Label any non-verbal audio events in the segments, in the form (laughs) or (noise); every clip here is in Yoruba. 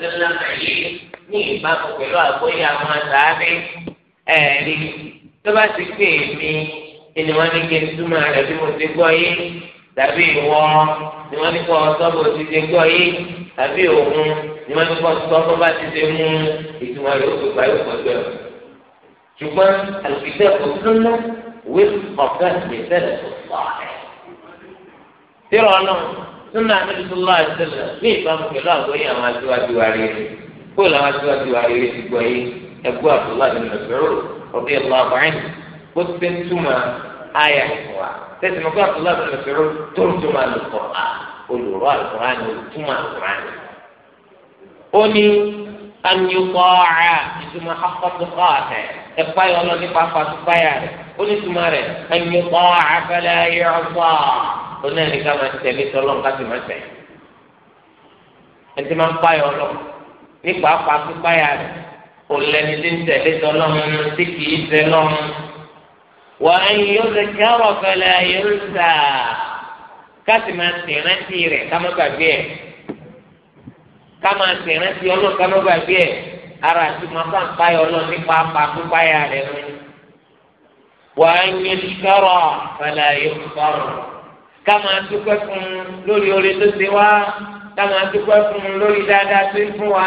وسلم عليه ní ìbámu pẹ̀lú àgbóyè àwọn àtàbí ẹ̀rí tó bá ti pè mí ni wọ́n ní kí n túmọ̀ rẹ̀ bí mo ti gbọ́ yé tàbí ìwọ ni wọ́n ní kọ́ sọ́bù ti ti gbọ́ yé tàbí òun ni wọ́n ní kọ́ sọ́bù bá ti ti mú ìtumọ̀ rẹ̀ ó ti gbà yóò pọ̀ bẹ́ẹ̀. ṣùgbọ́n àlùkìtẹ́ kò tún ná ọ̀gá ìgbésẹ̀ rẹ̀. tí ìrọ̀lọ́ sunna anabi sallallahu alaihi wasallam ní ìbámu pẹ̀lú àgbọ́yé àwọn aṣíwájú wa rere kóòlù àwọn aṣíwájú wa rere ti gbọ́ yé ẹgbẹ́ abdullahi bin mas'ud ọ̀bí allahu anhu bó ti ṣe ń túmọ̀ ayà wa tẹ̀sí mọ́kọ́ abdullahi bin mas'ud tó ń túmọ̀ al-Qur'an olùrọ̀ al-Qur'an olùtúmọ̀ al ó ní anyukọ̀ ọ̀rá ó ní onírin ká máa tẹ̀lé tọ́lọ́n ká sì máa tẹ̀. ẹni tí máa ń páyọ̀ lọ ní pàápàá pípáyà rẹ̀ kò lẹ́ni tí ń tẹ̀lé tọ́lọ́n tí kì í tẹ̀ lọ́n. wà á yin yóò ṣe kẹ́rọ̀ fẹlẹ̀ yóò sà ká sì máa tẹ̀ rántí rẹ̀ ká má gbàgbé ẹ̀ ká máa tẹ̀ rántí ọlọ́ọ̀ ká má gbàgbé ẹ̀ ara àti máa bá ń páyọ̀ lọ ní pàápàá pípáyà rẹ̀ rẹ̀ wà á yin yóò ṣe kẹ́rọ̀ fẹlẹ̀ yóò sọ̀rọ̀ ká máa dúpẹ́ fún un lórí oore tó ṣe wá ká máa dúpẹ́ fún un lórí dáadáa tó ń fún wa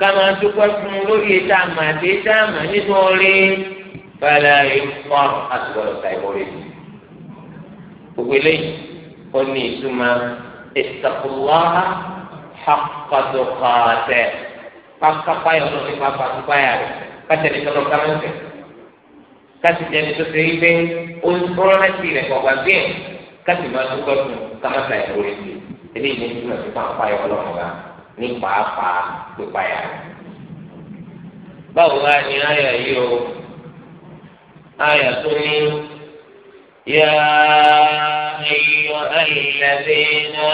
ká máa dúpẹ́ fún un lórí ètò àmà àti ètò àmà nínú oore bẹ́ẹ̀ ni wọ́n àtúbọ̀lọ̀ ta ìwọlé yìí. gbogbo eléyìí ó ní ìtumọ̀ ittaqullaha haqqa tuqatih pápápáyà ọlọ́run pápápáyà rẹ̀ kátẹ́lẹ́ tọ́lọ́ kámẹ́fẹ́ kátẹ́lẹ́ tó ṣe é gbé ó ń rọ́lẹ́sì káṣí máa dúpẹ́ fún kámẹ́ta ìwúrí sí eléyìí ní túmọ̀ sí fún apáyọ ọlọ́run wa ní pàápàá pípáyà. báwo wá ní àyà yìí o àyà tó ní yá ayọ̀ alladhina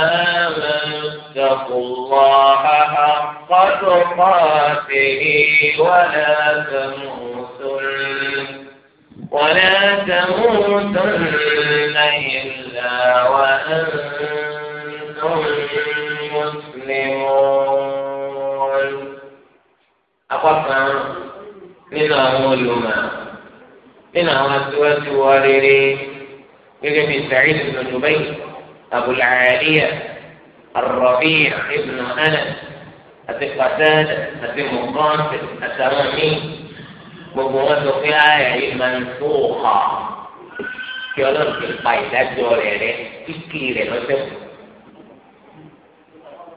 amanu ittaqullaha haqqa tuqatihi wa la tamutunna. ولا تموتن إلا وأنتم مسلمون أقفا من أولما من أولما وريري يجب سعيد بن جبير أبو العالية الربيع بن أنس أبي قتادة أبي مقاتل الترامي gbogbo wọn sọ pé àyà yìí máa ń tó hà kí ọlọ́run ti pa ìdájọ́ rẹ̀ rẹ̀ kíkì rẹ̀ lọ́sẹ̀ kù.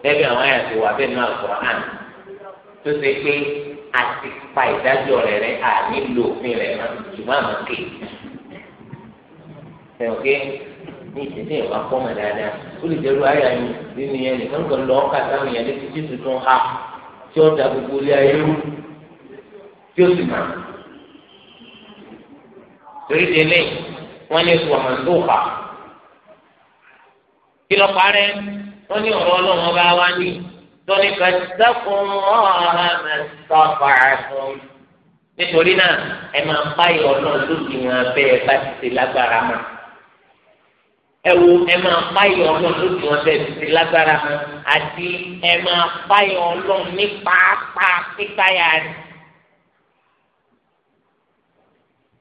lẹ́bi àwọn àyà ti wà bẹ́ẹ̀ náà kọ́ hàn tó ṣe pé a ti pa ìdájọ́ rẹ̀ rẹ̀ à nílò òfin rẹ̀ náà ṣùgbọ́n àmọ́ kè. ṣe òkè ní ìṣẹ̀lẹ̀ ìwà kọ́mọ̀ dáadáa ó lè dẹ́rù àyà yìí nínú yẹn nìkan kan lọ́ọ́ kàtàkùn tí ó sì mọ̀ torí délé wọ́n ní oṣù ọ̀mọ̀ndóka kí lọ́ọ́ parẹ́ wọ́n ní ọ̀rọ̀ ọlọ́run ọba wa ní tọ́ni kẹsàkùn ọ̀hánà sọ́fà fún nítorí náà ẹ máa ń bá ìyọ̀ náà lóde wọn bẹ́ẹ̀ bá ti ṣe lágbára mọ́ ẹ wo ẹ máa bá ìyọ̀ lóde wọn bẹ́ẹ̀ ti ṣe lágbára mọ́ àti ẹ máa bá ìyọ̀ náà ní pàápàá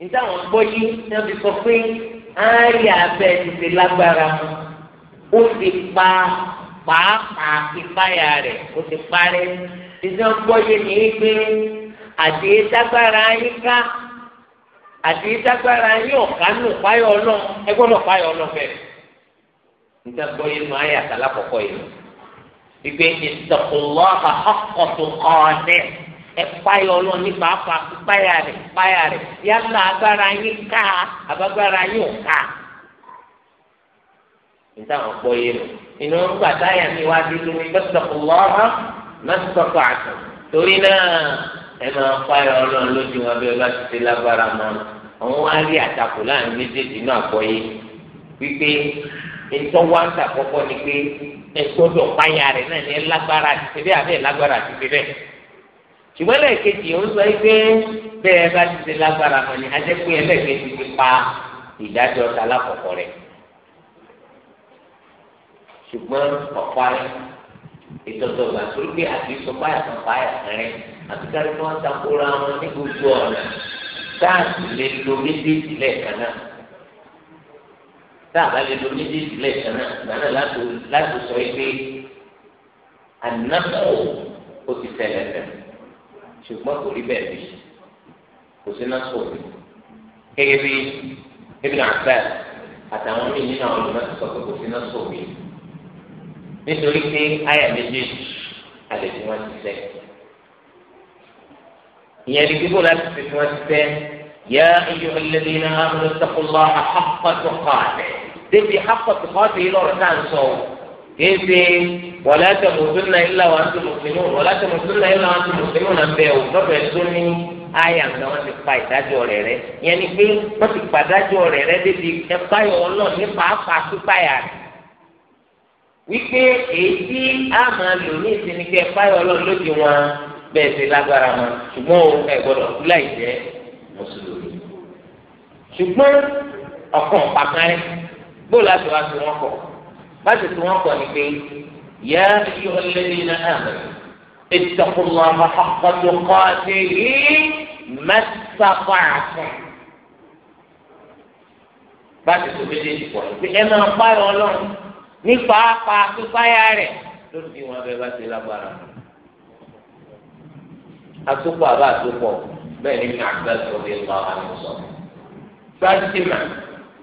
níta àwọn gbọ́ yìí ní wọ́n fi sọ pé àárí abẹ́ ti ṣe lágbára ó ti pa pàápàá ìpáyà rẹ̀ ó ti parẹ́ níta wọ́n gbọ́ yìí ní pé àti ìdágbára yín ká àti ìdágbára yín ọ̀ká nù páyọ̀ ọlọ́ ẹgbọ́n náà páyọ̀ ọlọ́ bẹ̀rẹ̀ níta gbọ́ yìí nù ayé àtàlákọ̀kọ̀ yìí wípé ìtọ̀kùnlọ́ àkọ́kọ̀tù kọ́ọ̀nẹ́ẹ̀ ẹ̀páyà ọlọ́run ní pàápàá páyà rẹ̀ páyà rẹ̀ yálà agbára yín ká àbágbára yín ò ká. níta àwọn gbọ́ yé mi inú wọn gbà táyà mi wá dé lórí mẹ́tọ̀kù lọ́wọ́ mẹ́tọ̀kù àtọ̀ torí náà ẹ máa páyà ọlọ́run lójú wọn bí ọlá ti ti lágbára mọ́ àwọn wá rí àtakò láàrin méjèèjì náà gbọ́ yé wípé ètò wa ń tàkọ́kọ́ ni pé ẹ̀sọ́dọ̀ páyà rẹ̀ náà ní ẹ lágbára ṣùgbọ́n lẹ́ẹ̀kejì ó sọ pé bẹ́ẹ̀ bá ti ṣe lágbára mọ̀ ní ajẹ́pé ẹlẹ́ẹ̀kejì ti pa ìdájọ́ ọ̀tá lákọ̀ọ́kọ́ rẹ̀ ṣùgbọ́n ọ̀pá ìtọ́jọ́ gbà sórí pé àti sọ báyà kan báyà kan rẹ̀ àti kárí kí wọ́n takora wọn ní gbogbo ọ̀nà táàtì lè lo méjèèjì lẹ́ẹ̀kan náà táàbà lè lo méjèèjì lẹ́ẹ̀kan náà gbàdá láti sọ pé ànáfọ̀ ṣùgbọ́n kò rí bẹ́ẹ̀ bí kò sí náà sọ mi. gẹ́gẹ́ bí náà Abbas àtàwọn míì nínú àwọn ọmọdé sọ pé kò sí náà sọ mi. pé àyà méjèèjì alẹ́ tí wọ́n ti sẹ́ ìyẹn ní kíkó láti fi tí wọ́n ti sẹ́ yá iyọ̀ ẹlẹ́dẹ́ iná amúlẹ̀ sọ́kùnlá àhàpàtúkọ̀ àtẹ̀ amule to àpapọ̀ àtẹ̀ ko lọ́rọ̀ náà sọ kéèké wala tamutunna illa wa antum muslimun wala tamutunna illa wa antum muslimun náà bẹ́ẹ̀ o lọ́fẹ̀ẹ́ tó ní àyà nǹkan wọ́n ti pa ìdájọ́ rẹ̀ rẹ́ yẹn ni pé wọ́n ti pa ìdájọ́ rẹ̀ rẹ́ débi ẹ̀ka ìwọ̀lọ́ ní pàápàá pípáyà rẹ̀ wípé èyí á máa lò ní ìsinmi kí ẹ̀ka ìwọ̀lọ́ lóde wọn bẹ́ẹ̀ ti lágbára wọn ṣùgbọ́n o ẹ̀ gbọ́dọ̀ kú láì mùsùlùmí ṣùgbọ́n ọ̀kan pàkan rẹ̀ bóòlù wá sí wọn kọ̀ يا أيها الذين آمنوا اتقوا الله حق تقاته ما استطعتم báàtì tó méjèèjì pọ̀ pé ẹ máa pààrọ̀ ọlọ́run ní pàápàá pípáyà rẹ̀ lórí bí wọn bẹ́ẹ̀ bá ti lágbára. atúpọ̀ àbá àtúpọ̀ bẹ́ẹ̀ ni àgbẹ̀ tó lè lọ àwọn sọ. sáàtìmà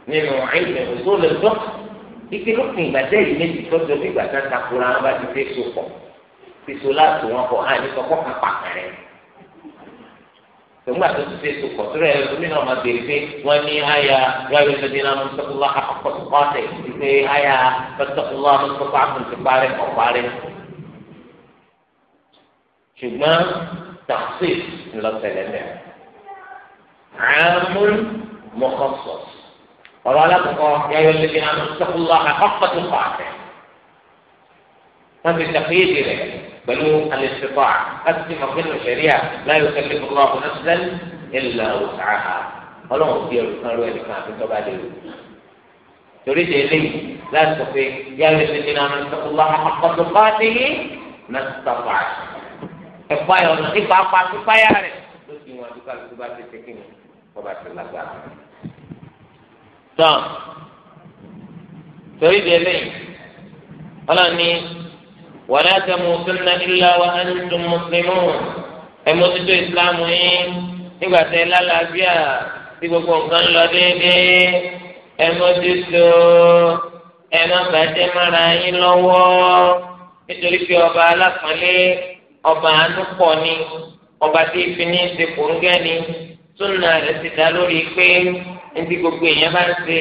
nínú ẹ̀yìn ìṣòlè dọ́kítà ike lópin ìgbà tẹ́ ìdí méjì tọ́jú bí ìgbà tán takora wọn bá ti fẹ́ so pọ̀ fi so láti wọn kọ hàn ní sọkọ́ kan pàtà rẹ̀ tòun àti oṣù fẹ́ so pọ̀ tó rẹ̀ lómi náà máa béèrè pé wọ́n ní àyà yọ̀rọ̀ ìṣòdì náà mú sọ́kùnlá àkọ́kọ́tù pọ́ọ̀tẹ̀ ìpè àyà sọ́kùnlá mú sọ́kùnlá àkùnfẹ́ ṣùgbọ́n tàṣí ńlọ mẹ́rin àmú mọ́kànsọ̀sì ọ̀rọ̀ alákọ̀ọ́ yáyọ lè dín àmì sọ́kùnlá àkọ́kọ́tù pàṣẹ. wọ́n ti tàkìyèsí rẹ̀ pẹ̀lú alẹ́sìkọ́ láti ti mọ̀kínú sẹ̀ríà láyò kẹ́lẹ́ fúnra ọ̀hún ẹ̀sán ẹ̀là òsàáhà ọlọ́run fi ẹ̀rù kan rú ẹnìkan àti tọ́ba lè rú. torí ṣe eléyìí láti sọ pé yáyọ lè dín àmì sọ́kùnlá àkọ́kọ́tù pàṣẹ tán torí délé ọlọ́ni wàlá tẹmu sunna ilá wa antum muslimun ẹ mójútó ìsìlámù yín nígbà tẹ lálàáfíà tí gbogbo nǹkan lọ déédéé ẹ mójútó ẹ má bàjẹ́ mára yín lọ́wọ́ nítorí pé ọba alápọ̀nlé ọba ànúpọ̀ ni ọba tí ìfiní ti kò ń gẹ́ni sunna rẹ̀ ti dá lórí pé ẹtì gbogbo èèyàn bá ń ṣe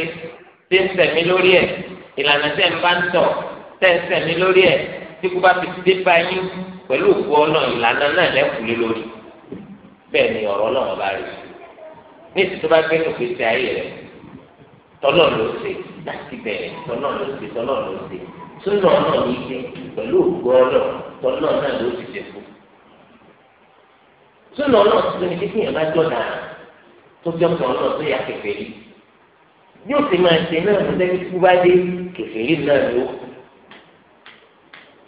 ṣe ń sẹ̀mí lórí ẹ̀ ìlànà tẹ̀ ń bá ń tọ̀ tẹ̀ ń sẹ̀mí lórí ẹ̀ tí kò bá fi dé bá yín pẹ̀lú òkú ọlọ́run ìlànà náà lẹ́kùlé lórí bẹ́ẹ̀ ni ọ̀rọ̀ ọlọ́run bá rí ní ìsìn tó bá gbé nù gbèsè ayé rẹ̀ tọ́lọ̀ ló ṣe láti bẹ̀rẹ̀ tọ́lọ̀ ló ṣe tọ́lọ̀ ló ṣe súnà náà ní ṣe pẹ̀lú òkú ọlọ́run tọ́lọ̀ náà ló ti ṣe fún súnà náà tó ní kékeré bá jọ̀dá tó jẹ́ pọ̀ náà tó yà kèfèrí yóò sì máa ṣe náà ló dẹ́bi kú bá dé kèfèrí náà ló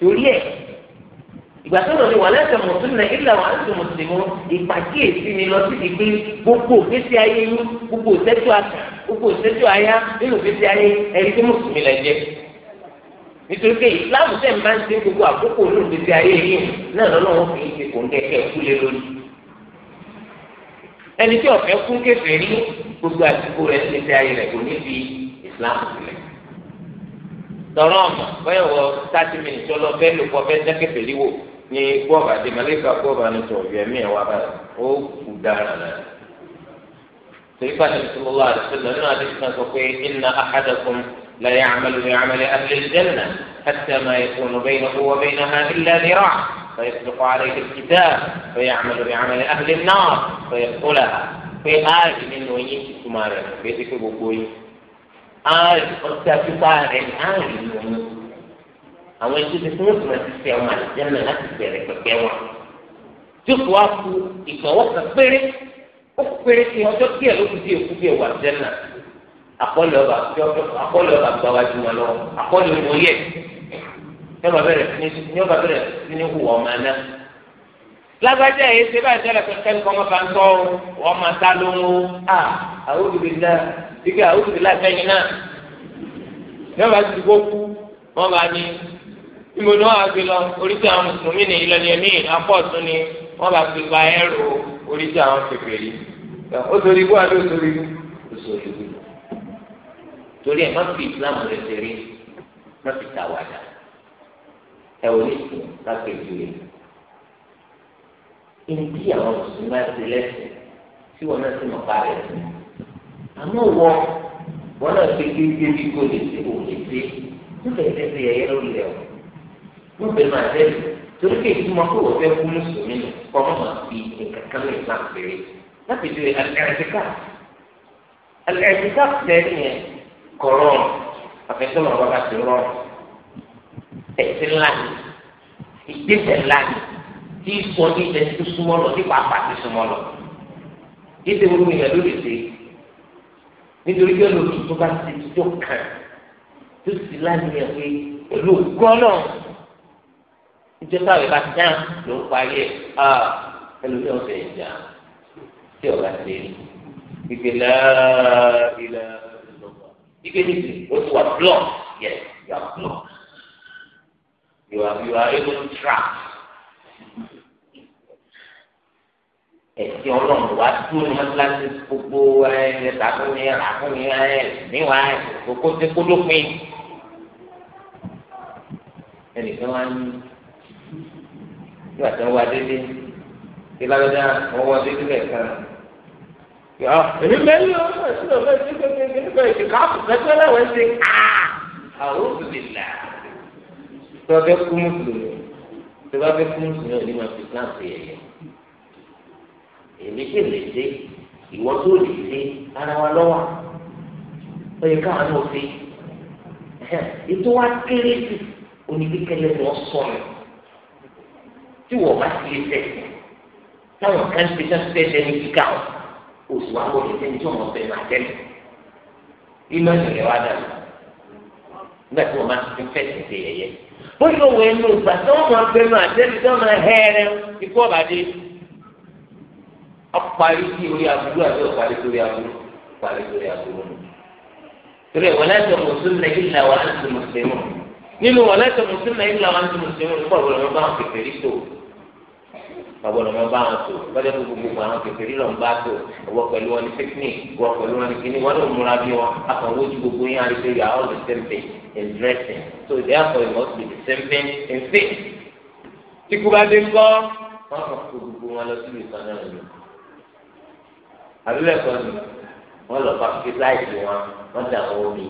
torí ẹ̀ ìgbà tó lọ ní wà lẹ́sẹ̀ mùsùlùmí ìlà wà lẹ́sẹ̀ mùsùlùmí ìpàkíyèsí ni lọ sí ìdí gbogbo òfésì ayé yín gbogbo òṣèjú àṣà gbogbo òṣèjú àyà nínú òfésì ayé ẹni tí mùsùlùmí lẹ jẹ nítorí pé ìsìláàmù tẹ̀ ń bá ń ṣe gbogbo àkókò nínú òfésì ayé yín náà lọ́nà wọn fi ń ṣe kò ń kẹ́kẹ́ kú lé ẹni tí ọ̀fẹ́ kún kẹfẹ́ rí gbogbo àdúgbò rẹ̀ ṣe ti ayé rẹ̀ kò ní fi islam sílẹ̀ tọrọ ọmọ bẹ́ẹ̀ wọ thirty minutes ọlọ bẹ́ẹ̀ lò pọ̀ bẹ́ẹ̀ jẹ́ kẹfẹ́ rí wò ní gbọ́ọ̀bà dé malẹ́kà gbọ́ọ̀bà ní tọ̀ ọ̀yọ́ ẹ̀mí ẹ̀ wá báyìí ó kù dára náà torí pàṣẹ bisimilá àdìsílẹ̀ nínú àdìsílẹ̀ sọ pé iná àhádàkùn lẹ́yìn àmàlùmí àmàlẹ́ àdìsílẹ̀ jẹ́nà فيطلق عليه الكتاب فيعمل بعمل أهل النار فيدخلها في آل من وين تمارين بيتك بقوي آل أستاذ آل من وين àwọn ètò ti fún òtún àti sẹ ọmọ àlùjáná láti bẹ̀rẹ̀ pẹ̀pẹ̀ wọn tí kò wá ku ìgbàwọ́ kan péré ó kú péré sí ọjọ́ díẹ̀ ló kù sí èkú bí ẹ̀wà àlùjáná àkọlẹ̀ ọba àkọlẹ̀ ọba gbáwájú wọn lọ àkọlẹ̀ òun yẹ yọba bẹ̀rẹ̀ sí ní yọba bẹ̀rẹ̀ sí ní hùwà ọmọ náà lágbájá yìí ṣe báyìí tẹ́lẹ̀ kẹ́kẹ́ nǹkan ọmọ bá ń tọ́ wọ́n máa ta ló ń wo a àwọn òbí la ike àwọn òbí la sẹ́yìn náà yọba ti kó kú wọ́n bá ní ìmọ̀nà àgbè lọ oríṣi àwọn mùsùlùmí ní ìlànà ẹ̀mí apọ̀ tún ni wọ́n bá fi gba ẹ̀rọ oríṣi àwọn kékeré ó torí ibú àti òsorí ibú òsorí ibú torí ẹ̀ má fi ìsìlámù rẹ̀ ṣeré má fi tàwádà ẹ ò ní sùn lápẹjù rẹ ẹni tí àwọn mùsùlùmí máa ti lẹsìn tí wọn náà sì mọ pa rẹ sí àmọ́ wọ wọn náà ti gbé débi kó lè ṣe òun lè ṣe nígbà yẹn ti ẹyẹ lórí rẹ o wọn bẹ máa dẹbi torí pé ìtumọ̀ kó wọ́n kú mùsùlùmí nù kọ́ wọn máa fi nǹkan kan lè máa péré lápẹjù rẹ alẹ́rẹ́dẹ́ká alẹ́rẹ́dẹ́ká tẹ́ ẹ̀ kọ̀ rọrùn wọn bá ti rọrùn ẹ̀sìn ńlá ni ìgbésẹ̀ ńlá ni tí sọ ní ẹni tó súnmọ́ lọ tí pàápàá ti súnmọ́ lọ yíṣẹ́ wo ni ìyàdó lè ṣe nítorí pé olóòtú tó bá ti tó kàn tó sì lánìyàn pé pẹ̀lú òkú ọlọ́run ìjọba ìbá dá ló ń parí ẹ̀ ẹlòmí ọ̀sẹ̀ ìjà tí ọ̀gá ṣe rí ìgbè láàá ìlà ìgbè nìkan ó ti wà blọọ yẹ ìyá blọọ you are you are able to track ẹsìn Ọlọ́run wa dúró ní mọtíláṣí gbogbo ẹ ṣàkóní ràkóní ẹ níwá gbogbo tí kó dópin ẹnìkan wá ní nígbà tí wọn wá dédé tí lágbájá wọn wá dédé lẹ́ẹ̀kan yọ èmi mẹ́rin ọ ẹ̀sìn ọ̀fẹ́ tí kékeré nípa ìṣèkáàpù kẹ́kẹ́ lẹ́wọ̀n ṣe àwọn òbí là tí wọn fẹ́ kú mùsùlùmí tí wọn fẹ́ kú mùsùlùmí ò ní ma fi islam ṣe yẹ̀yẹ́ èmi sì lè dé ìwọ tó lè dé ara wa lọ́wọ́ ó yẹ káwọn náà fi ètò wa kéré sí oníkékeré ni wọn sọ mi tí wọn bá ti lè tẹ táwọn kan ti sẹ tẹsẹ ní kíkà o oṣù wa kò lè tẹ ní tí wọn bẹ máa tẹ ìmọ̀ ìrẹ̀wá dànù nígbà tí wọn máa fi fẹsẹ̀ ṣe yẹ̀yẹ́ bó yóò wọ inú ìgbà tí wọn máa gbẹnu àtẹnu tí wọn máa hẹ ẹrẹ ikú ọba dé ọparí sí orí aburú àti ọparí sórí aburú ọparí sórí aburú nù. torí ẹ̀ wọ́n láti mùsùlùmí náà yìí làwọn àti mùsùlùmí nínú wọ́n láti mùsùlùmí náà yìí làwọn àti mùsùlùmí agbọ́dọ̀ máa bá wọn tó lọ́jọ́ tó gbogbo àwọn kékeré lọ́n bá tó wọ́n pẹ̀lú wọn ní picnic wọ́n pẹ̀lú wọn ní kíní wọ́n ló múra bí wọn àkànwó ju gbogbo yín àti pẹ̀lú all the same thing in dressing so therefore it must be the same thing in faith. tí kú bá dé ń kọ́ wọ́n kàn kó gbogbo wọn lọ sílùú kan náà ni. àbílẹ̀ kan ni wọ́n lọ bá fi láìsí wọn wọ́n dà wọ́n mi.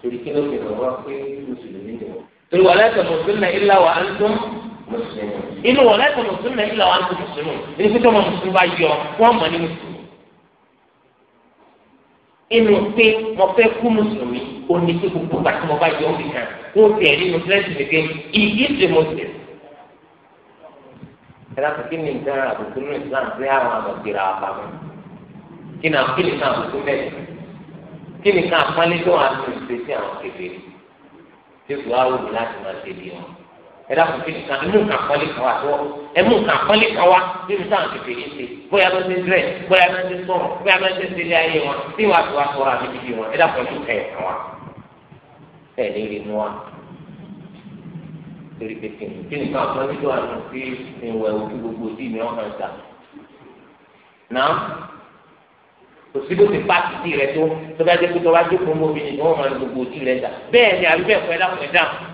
torí kí ló fi hàn wá pé mùsùlùmí ni wọ́n. torí wàlẹ́ inú wọn láti mùsùlùmí ẹni làwọn àti mùsùlùmí ẹni pé tọmọ mùsùlùmí bá yọ wọn mọ ní mùsùlùmí inú pé mo fẹ́ kú mùsùlùmí ó ní pé gbogbo pàtó mo bá yọ ọ́ nìkan wọn ti ẹ̀rí inú sílẹ̀ sílẹ̀ pé ìyí ṣe mo ṣe. ẹ dákú kí ni nǹkan àbùkù nínú Islam sí àwọn àgbàgbèrè àbámọ́ kí ni kí ni kan àbùkù bẹ́ẹ̀ kí ni kan àpálẹ́ tó wà nínú ìgbésí àwọn kékeré tí kò wá wù ẹ̀dá kò fìdí kan ẹ̀mú nǹkan kọ́lé kan wá tó ẹ̀mú nǹkan kọ́lé kan wá nínú táwọn ti fèrè ṣe bóyá ló ti dírẹ̀ bóyá ló ti sọ̀rọ̀ bóyá ló ti ṣẹlẹ̀ ayé wọn bí wàá tó wá sọ̀rọ̀ àti bíbí wọn ẹ̀dá kò fìdí kan ẹ̀kan wá. bẹ́ẹ̀ ni rí mu wa torí pépé ni kí ni ká ọ̀sán nílò àná sí ìwẹ̀ òkú gbogbo tí mi ọ̀hán ta. náà kò bó ti pààkì tí rẹ tó tó bá jẹ́ pé tó bá jókòó mọ́bìnrin tó hàn gbogbo tí rẹ ta bẹ́ẹ̀ ni àbí bẹ́ẹ̀ kọ́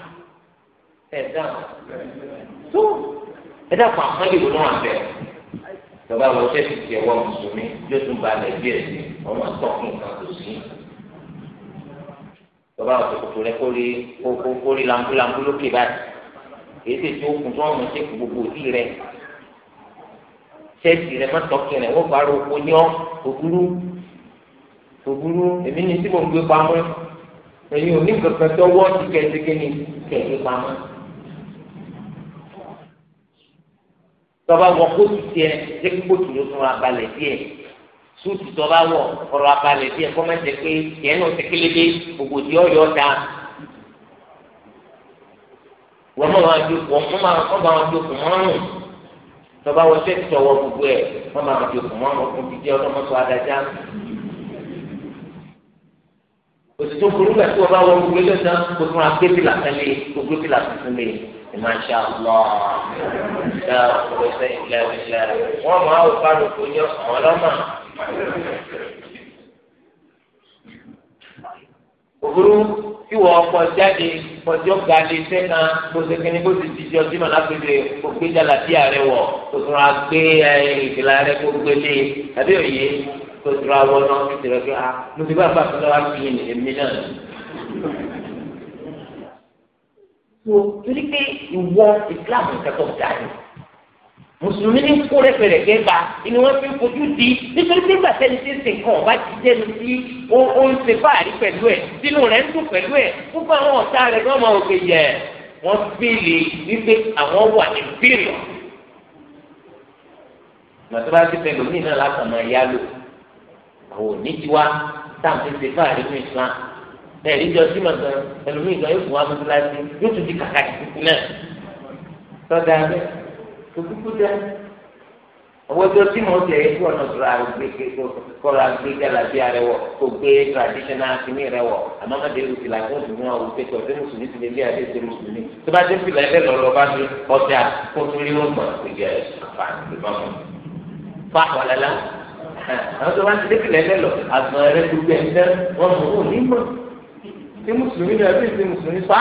ẹ̀dá tó ẹ̀dá kan àpọ́nlé wo náà bẹ̀ tọ́ba lọ sẹ́sì tiẹ̀ wọ́n mùsùlùmí yóò tún ba alẹ́ díẹ̀ sí ọmọ tọkùn kan tó sí tọ́ba lọ sọ̀kòtò rẹ kó rí kó rí lankulanku lókè báyìí èyí sì tó kùn tó ọ̀run ṣe gbogbo òdì rẹ sẹ́sì rẹ mọ́tọ́kìn rẹ wọ́n bá ro oyún òbúrú òbúrú èmi ní tí mo ń gbé pamọ́ ẹ̀yin ò ní kankan tó wọ́ọ̀tì kẹ́ẹ́dẹ́gẹ́ ni kẹ́ẹ́dẹ́ pamọ́. tọba wọ kóòtù tiẹ̀ jẹ́ kí kóòtù ló tún abalẹ̀ díẹ̀ súùtù tọba wọ ọ̀rọ̀ abalẹ̀ díẹ̀ kọ́ máa jẹ pé tiẹ̀ náà ti kéle dé gbogbo tí ọ yọ da wọ́n máa wá ju wọ́n máa wọ́n máa ju kùn mọ́rùn tọba wọ sẹ́ẹ̀tì tọwọ́ gbogbo ẹ̀ wọ́n máa ju kùn mọ́rùn kùn ti jẹ́ ọlọ́mọ́tò adájá òtítọ́ burúkú ẹ̀ tí wọ́n bá wọ gbogbo ẹ̀ lọ́sàn-án gbogbo àgbébìlà kan lé gbogbo ما شاء الله لا قوة إلا بالله وما أوقات كل علماء òbúrú tí wọ́n kọ jáde kọjọ́ ga lè fẹ́ kan gbèsè kínní bó ti ti jọ bímọ lápèjẹ gbogbo ìjàlá bí ààrẹ wọ̀ tuntun a gbé ìgbìlá rẹ gbogbo lé àbí òye tuntun a náà ti rẹ̀ pé mo ti bá bàtà lọ́wọ́ àti yìnyín èmi náà. so torí pé ìwọ islam nǹkan tó dáa ni mùsùlùmí ní kó rẹ́pẹ̀rẹ̀pẹ̀ bá ni wọ́n fi fojú di nítorí pé gbàtẹ́ ní ti ń sìn kan ọba ti jẹ́ ní tí ó ń ṣe fáàrí pẹ̀lú ẹ̀ sínú rẹ̀ ń dùn pẹ̀lú ẹ̀ gbogbo àwọn ọ̀tá rẹ̀ lọ́mọ òkè yẹ wọ́n fìlè wípé àwọn wà ní bírìọ̀ màtúrà ti fẹ́ lómìnira látàmú ẹ̀yá lò àwọn òní tiwa táwọn ti ṣe fáàrí ní islam ẹ̀rí jọ sí màtà ẹlòmíì gan yóò fún wa mọ́tò láti yóò tún di kàkà ìsìnkú náà tọ́da abẹ́ òkúkú dá àwọn ẹjọ́ tí mo tẹ̀ ẹ́ ọ̀nà sọ̀rọ̀ àgbègbè kọ́ra gbégbé alábí rẹ wọ̀ kó gbé traditional kìíní rẹ wọ̀ àmọ́ má dé ìrùsìlà fún ìdùnnú àwọn òṣèlú ọ̀sẹ̀ mùsùlùmí ti lè lé adé ṣe mùsùlùmí tó bá dé fìlà ẹgbẹ́ lọ́lọ́ bá fi ọjà kó tún rí wọn gbọ̀n ìgbà ẹ̀fà ìgbà mọ́. fa ọ̀lẹ́lá àwọn ṣé mùsùlùmí náà bí ṣe mùsùlùmí fa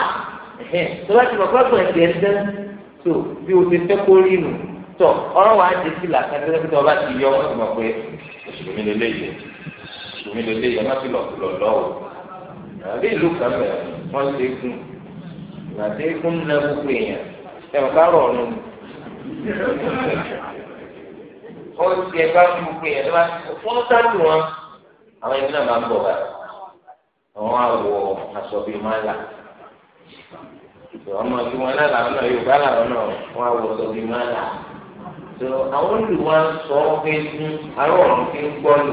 tó bá ti mọ̀ pé pẹ̀lú ẹ̀ dán tó bí o ti fẹ́ kó rí nù tó ọ̀rọ̀ wa jẹ́ sí làkà tó lọ́pẹ́ tó o bá ti yọ wọ́n ti mọ̀ pé mùsùlùmí lè léyè mùsùlùmí lè léyè má fi lọ lọ lọ o àbí ìlú kan bẹ̀ wọ́n ṣe é kún ìgbà tí é kún náà gbogbo èèyàn ẹ̀ ń bá rọ̀ ọ̀nù ó ti ẹ̀ bá gbogbo èèyàn tó bá fọ́n sáà tù wọn àwọn ẹni náà máa ń bọ̀ báyìí àwọn àwọ̀ aṣọ bíi mọ́là ọmọ tí wọn náà làwọn náà Yorùbá làwọn náà wọn àwọ̀ aṣọ bíi mọ́là tó àwọn olùwà ń sọ pé ní arọ ọ̀run fi ń gbọ́ lò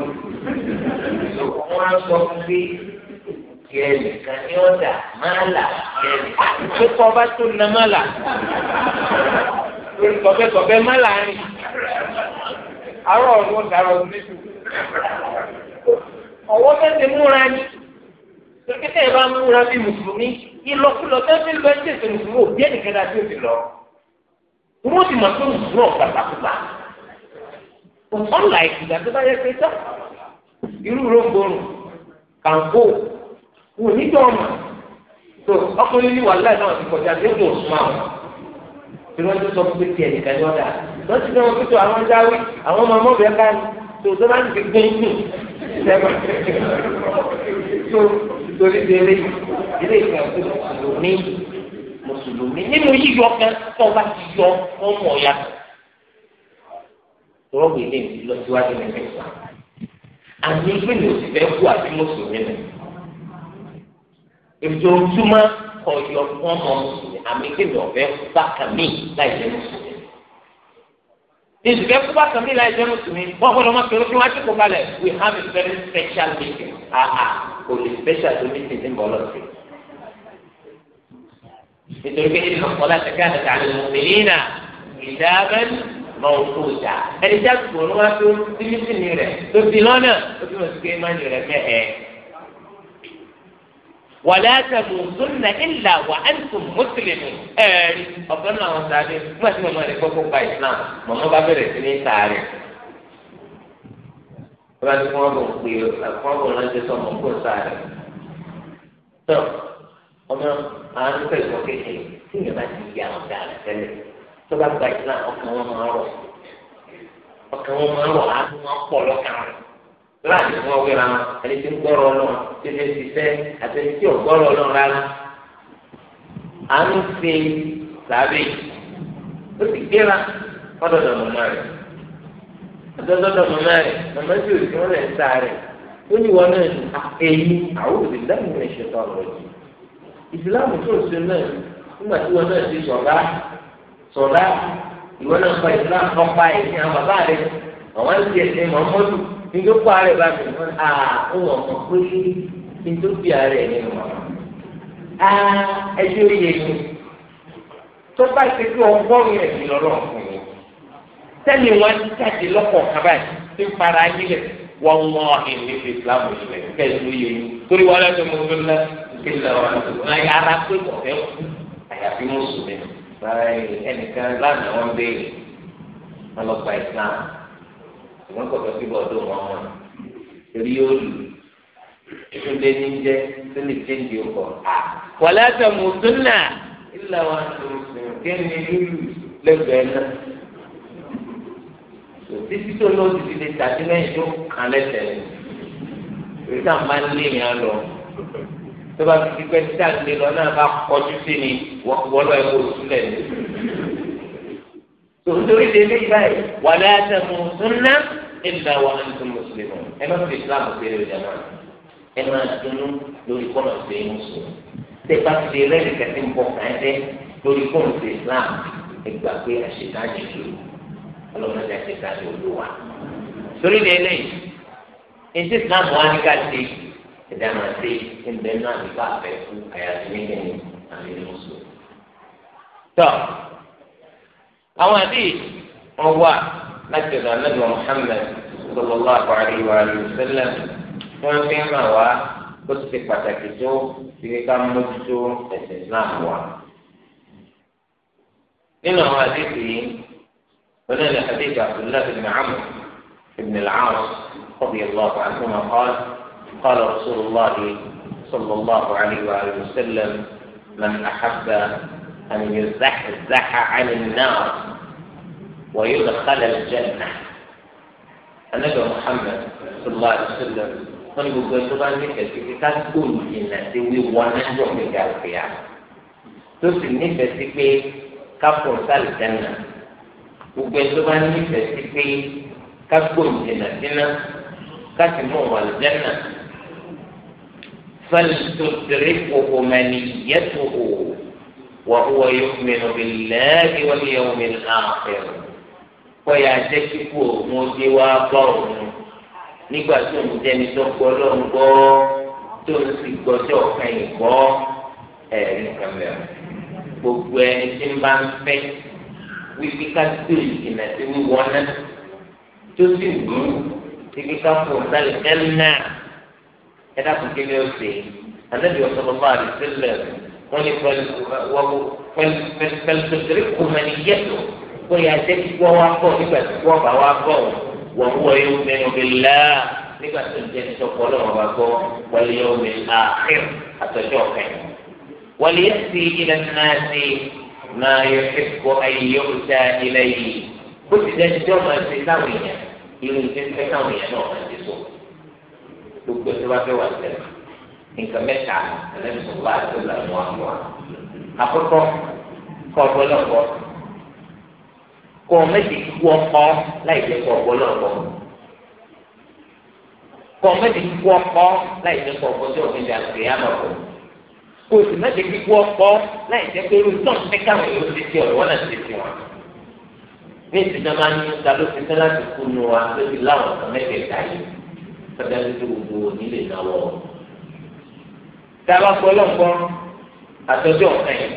tó wọn á sọ pé kẹlẹ kan ní ọ̀dà mọ́là kẹlẹ tó kọ́ bá tó na mọ́là lórí kọ̀bẹ́kọ̀bẹ́ mọ́là rìn arọ ọ̀run ó darọ̀ sí ọwọ́ fẹ́ẹ́ múra ni tòkítà yẹn bá ń múra bí mùsùlùmí ìlọkulọ tó ń fi lọ ẹjẹ ìṣe mùsùlùmí òbí ẹnìkan dá sí òbí lọ wọn ti mọ pé mùsùlùmí ọ̀gbàgbàkúgbà ọ̀nlá ìgbà tó bá yẹ pé tọ́ irú rògbòrò kàǹkó wò níjọ ọmọ tó ọkùnrin ní wàhálà náà ti kọjá tó dùn súnmọ́ àwọn tí wọ́n ti sọ pé tiẹ̀ nìkan ni wọ́n ti dáwọn pípọ̀ àwọn jáwé àwọn ọmọ ọmọ bẹ́ẹ̀ ká tó tó bá ti gbé torí bèrè ilé ìfẹ́ fún mùsùlùmí mùsùlùmí nínú yíyọ kan tó bá ti yọ wọn mọ̀ ya rọ́bì ilé mi lọ síwájú ní mẹ́fà àmì ìpínlẹ̀ òsì fẹ́ kú àti mùsùlùmí nì ètò ìtumá ọ̀yọ̀ fún ọmọ mùsùlùmí àmì ìpínlẹ̀ ọ̀fẹ́ bákan láì jẹ́ mùsùlùmí èsì fẹ́ kú bákan mí láì jẹ́ mùsùlùmí wọ́n gbọ́dọ̀ má kéré kí wọ́n we have a very special meeting. Ah. kò lè special ti ti ń lọ sí. nítorí pé nínú ọ̀pọ̀ láti ká àtàkà àwọn òmìnira ìdáàbẹ̀ lọ́wọ́ ìmọ̀lẹ́ dà ẹni tí a kò ní wá tó tìmítìmí rẹ̀ tó ti lọ́nà ó sí mọ̀ sí pé má nyẹ̀rẹ̀ mẹ́hẹ̀. wàlẹ́ àtàmùsùnà ìlà wà á ẹ̀ǹtùm mùsùlùmí ẹ̀ẹ́rì ọ̀gbọ́n náà wọn sáré fún àti mọ̀mọ́ rẹ̀ kọ́kọ́ gba bá bẹ̀rẹ̀ bá ti kọ́ bò ń pè é kọ́ bò ń rántí sọmọ kó sáré tó ọmọ àwọn akẹ́kọ̀ọ́ kékeré tí yẹn bá ti yà ọ̀dà rẹ̀ tẹ́lẹ̀ tó bá gba ìlà ọkàn wọn máa rọ̀ ọkàn wọn máa rọ̀ á fún wọn pọ̀ lọ́kàn rẹ̀ láàrin wọn wéra wọn ẹni tí ń gbọ́rọ̀ lọ tí ti ṣiṣẹ́ àti ẹni tí ò gbọ́rọ̀ lọ rárá à ń fi làbí ó sì gbéra ọdọọdọ mọ náà rẹ̀ ìdọ́dọ́dọ́ màmá rẹ̀ màmá tí o sì wọ́n lẹ̀ ń ta rẹ̀ ó ní wọn náà a èyí àwọn òbí lẹ́nu ní ìṣètò ọ̀rọ̀ yìí ìsìláàmù tó ń ṣe náà nígbà tí wọn náà ti sọ̀rá sọ̀rá ìwọ náà kọ ìsìláàmù tó pa ẹ̀sìn àwọn bàbá rẹ̀ àwọn ń ti ẹ̀sìn mọ́mọ́dù ní tó pa rẹ̀ bá mi à ń wọ̀ mọ́ pé kí n tó bí ara ẹ̀ nínú màmá à ẹjọ́ yẹ mi tó bá ṣe kí ọgbọ́n yẹn ìlọ́rọ̀ fún sẹ́ni wọn ti jáde lọ́kọ̀ kaba yìí tí ń fara yín lẹ̀ wọ́n mọ ìní fi islamu yìí lẹ̀ kẹ́lu yẹ yín torí wọn lọ́dọ̀ mọ fún lẹ kílẹ̀ wọn náà ara pé kọ̀fẹ́ wọn àyàfi mùsùlùmí ẹnìkan lánàá wọn béèrè wọn lọ gba islam ìwọ́n kọ̀fẹ́ sí bọ́ọ̀dọ̀ wọn wọn torí yóò lù ìtúndé ní jẹ tó lè tẹ́ ìdí ọkọ̀ wọ́n lọ́dọ̀ mùsùlùmí ilẹ̀ wọn kí ni lùlù lẹ́gbẹ̀ẹ́ títí tó lọ ti di lè tàbí lẹ́yìn tó kàn lẹ́sẹ̀ rẹ̀ nígbà máa ń lé yẹn lọ tó bá fi pẹ́ tí a lè lọ náà bá kọjú sí ni wọ́lọ́ ẹ̀ kó sílẹ̀ ni. tòótórí de lé báyìí wà láyàtọ̀ fún súnná ìlà wà ní tó mùsùlùmí ẹ má fi islam péré ọjà náà ẹ má dunu lórí kọ́nà sí mùsùlùmí tẹ́ bá fi rẹ́ẹ̀lì kẹsì ń bọ̀ kàn jẹ́ lórí kọ́nà sí islam ẹ gbà àṣekájì lórí ọlọ́run jẹ́ kíkà ní olúwa. torí lè lẹ́yìn ètò ìsìlámù wa ní ká ṣe ẹ̀dá máa ṣe ẹ̀dá náà ní ká fẹ́ fún àyàfi ní kẹ́ni àmì ní mùsùlùmí. tọ́ àwọn àbí wọn wà láti ọ̀dọ̀ anábì Muhammad sallallahu alaihi wa sallam wọn fi ń hàn wá bó ti ṣe pàtàkì tó ti ká mójútó ẹ̀sìn Islam wa. nínú àwọn àdéhùn yìí. هنا حديث عبد الله بن عمرو بن العاص رضي الله عنهما قال قال رسول الله صلى الله عليه وآله وسلم من أحب أن يزحزح عن النار ويدخل الجنة النبي محمد صلى الله عليه وسلم قال يقول gbogbo له bá ń nífẹ̀ẹ́ sí pé ká قال ìlànà tí wíwọ náà yọ̀ mí gbogbo ẹni tó bá nífẹ̀ẹ́ sí pé kágbó ìdènà dínà káàsì mú wọn àlùjẹ́nà فلتدركه منيته وهو يؤمن بالله واليوم الآخر kọ́ya jẹ́ kíkú òun ojú wa bá òun nígbà tó ń jẹ́ni tó gbọ́ ló gbọ́ tó ń sì gbọ́jọ́ kẹ́yìn gbọ́ ẹ̀ẹ́dì kan mẹ́rin gbogbo ẹni tí ń bá ń fẹ́ wípé ká tó ìjìnà sí wíwọ́n náà tó sì wù ú wípé ká fún sálẹ̀ kẹ́lẹ́nà ẹ dákun kí ni ó ṣe anábì ọ̀sọ̀rọ̀ bá àdé sílẹ̀ wọ́n ní pẹ̀lẹ́pẹ̀lẹ́pẹ̀lẹ́ kùmẹ̀lì yẹ̀tọ̀ wọ́n yà jẹ́ kí wọ́n wá bọ̀ nígbà tí wọ́n bá wá bọ̀ wọ́n wọ́ yóò mẹ́nu bí láà nígbà tó ń jẹ́ ìjọpọ̀ ọlọ́run bá gbọ́ wọlé yóò mẹ́nu àárín àtọ́jọ́ ọ̀fẹ́ wọlé yẹ́ sí ilẹ̀ náà sí máa yọ ẹ̀kọ́ ayé ọ̀tá ilẹ̀ yìí bó ti dẹ́ni tí ọmọ ẹ̀sìn táwọn èèyàn irú ní fẹ́ táwọn èèyàn náà máa ti so gbogbo tí wọ́n fẹ́ wà sẹ́lẹ̀ nǹkan mẹ́ta ẹlẹ́sìn wà sílẹ̀ wọn wọn. àkọ́kọ́ kọ́ ọ̀pọ̀lọpọ̀ kọ́ méjì kú ọkọ láì jẹ́ kọ́ ọ̀pọ̀lọpọ̀ kọ́ méjì kú ọkọ láì jẹ́ kọ́ ọ̀pọ̀lọpọ̀ kó o sì má jẹ́ kíkú ọkọ láì jẹ́ pé irú tán fẹ́ káwọn èèyàn ti ti ọ̀rọ̀ wọn náà ti ti wọn. ní ìsìnkú máa ń ta ló fi tẹ́lá ti kú nu wa ló ti láwọn ọ̀sán mẹ́tẹ̀ẹ̀ta yìí sọ́jà ló ti gbogbo onílé náwó. dábàá pọ̀ lọ́nkọ́ àtọ́jú ọ̀kan yìí.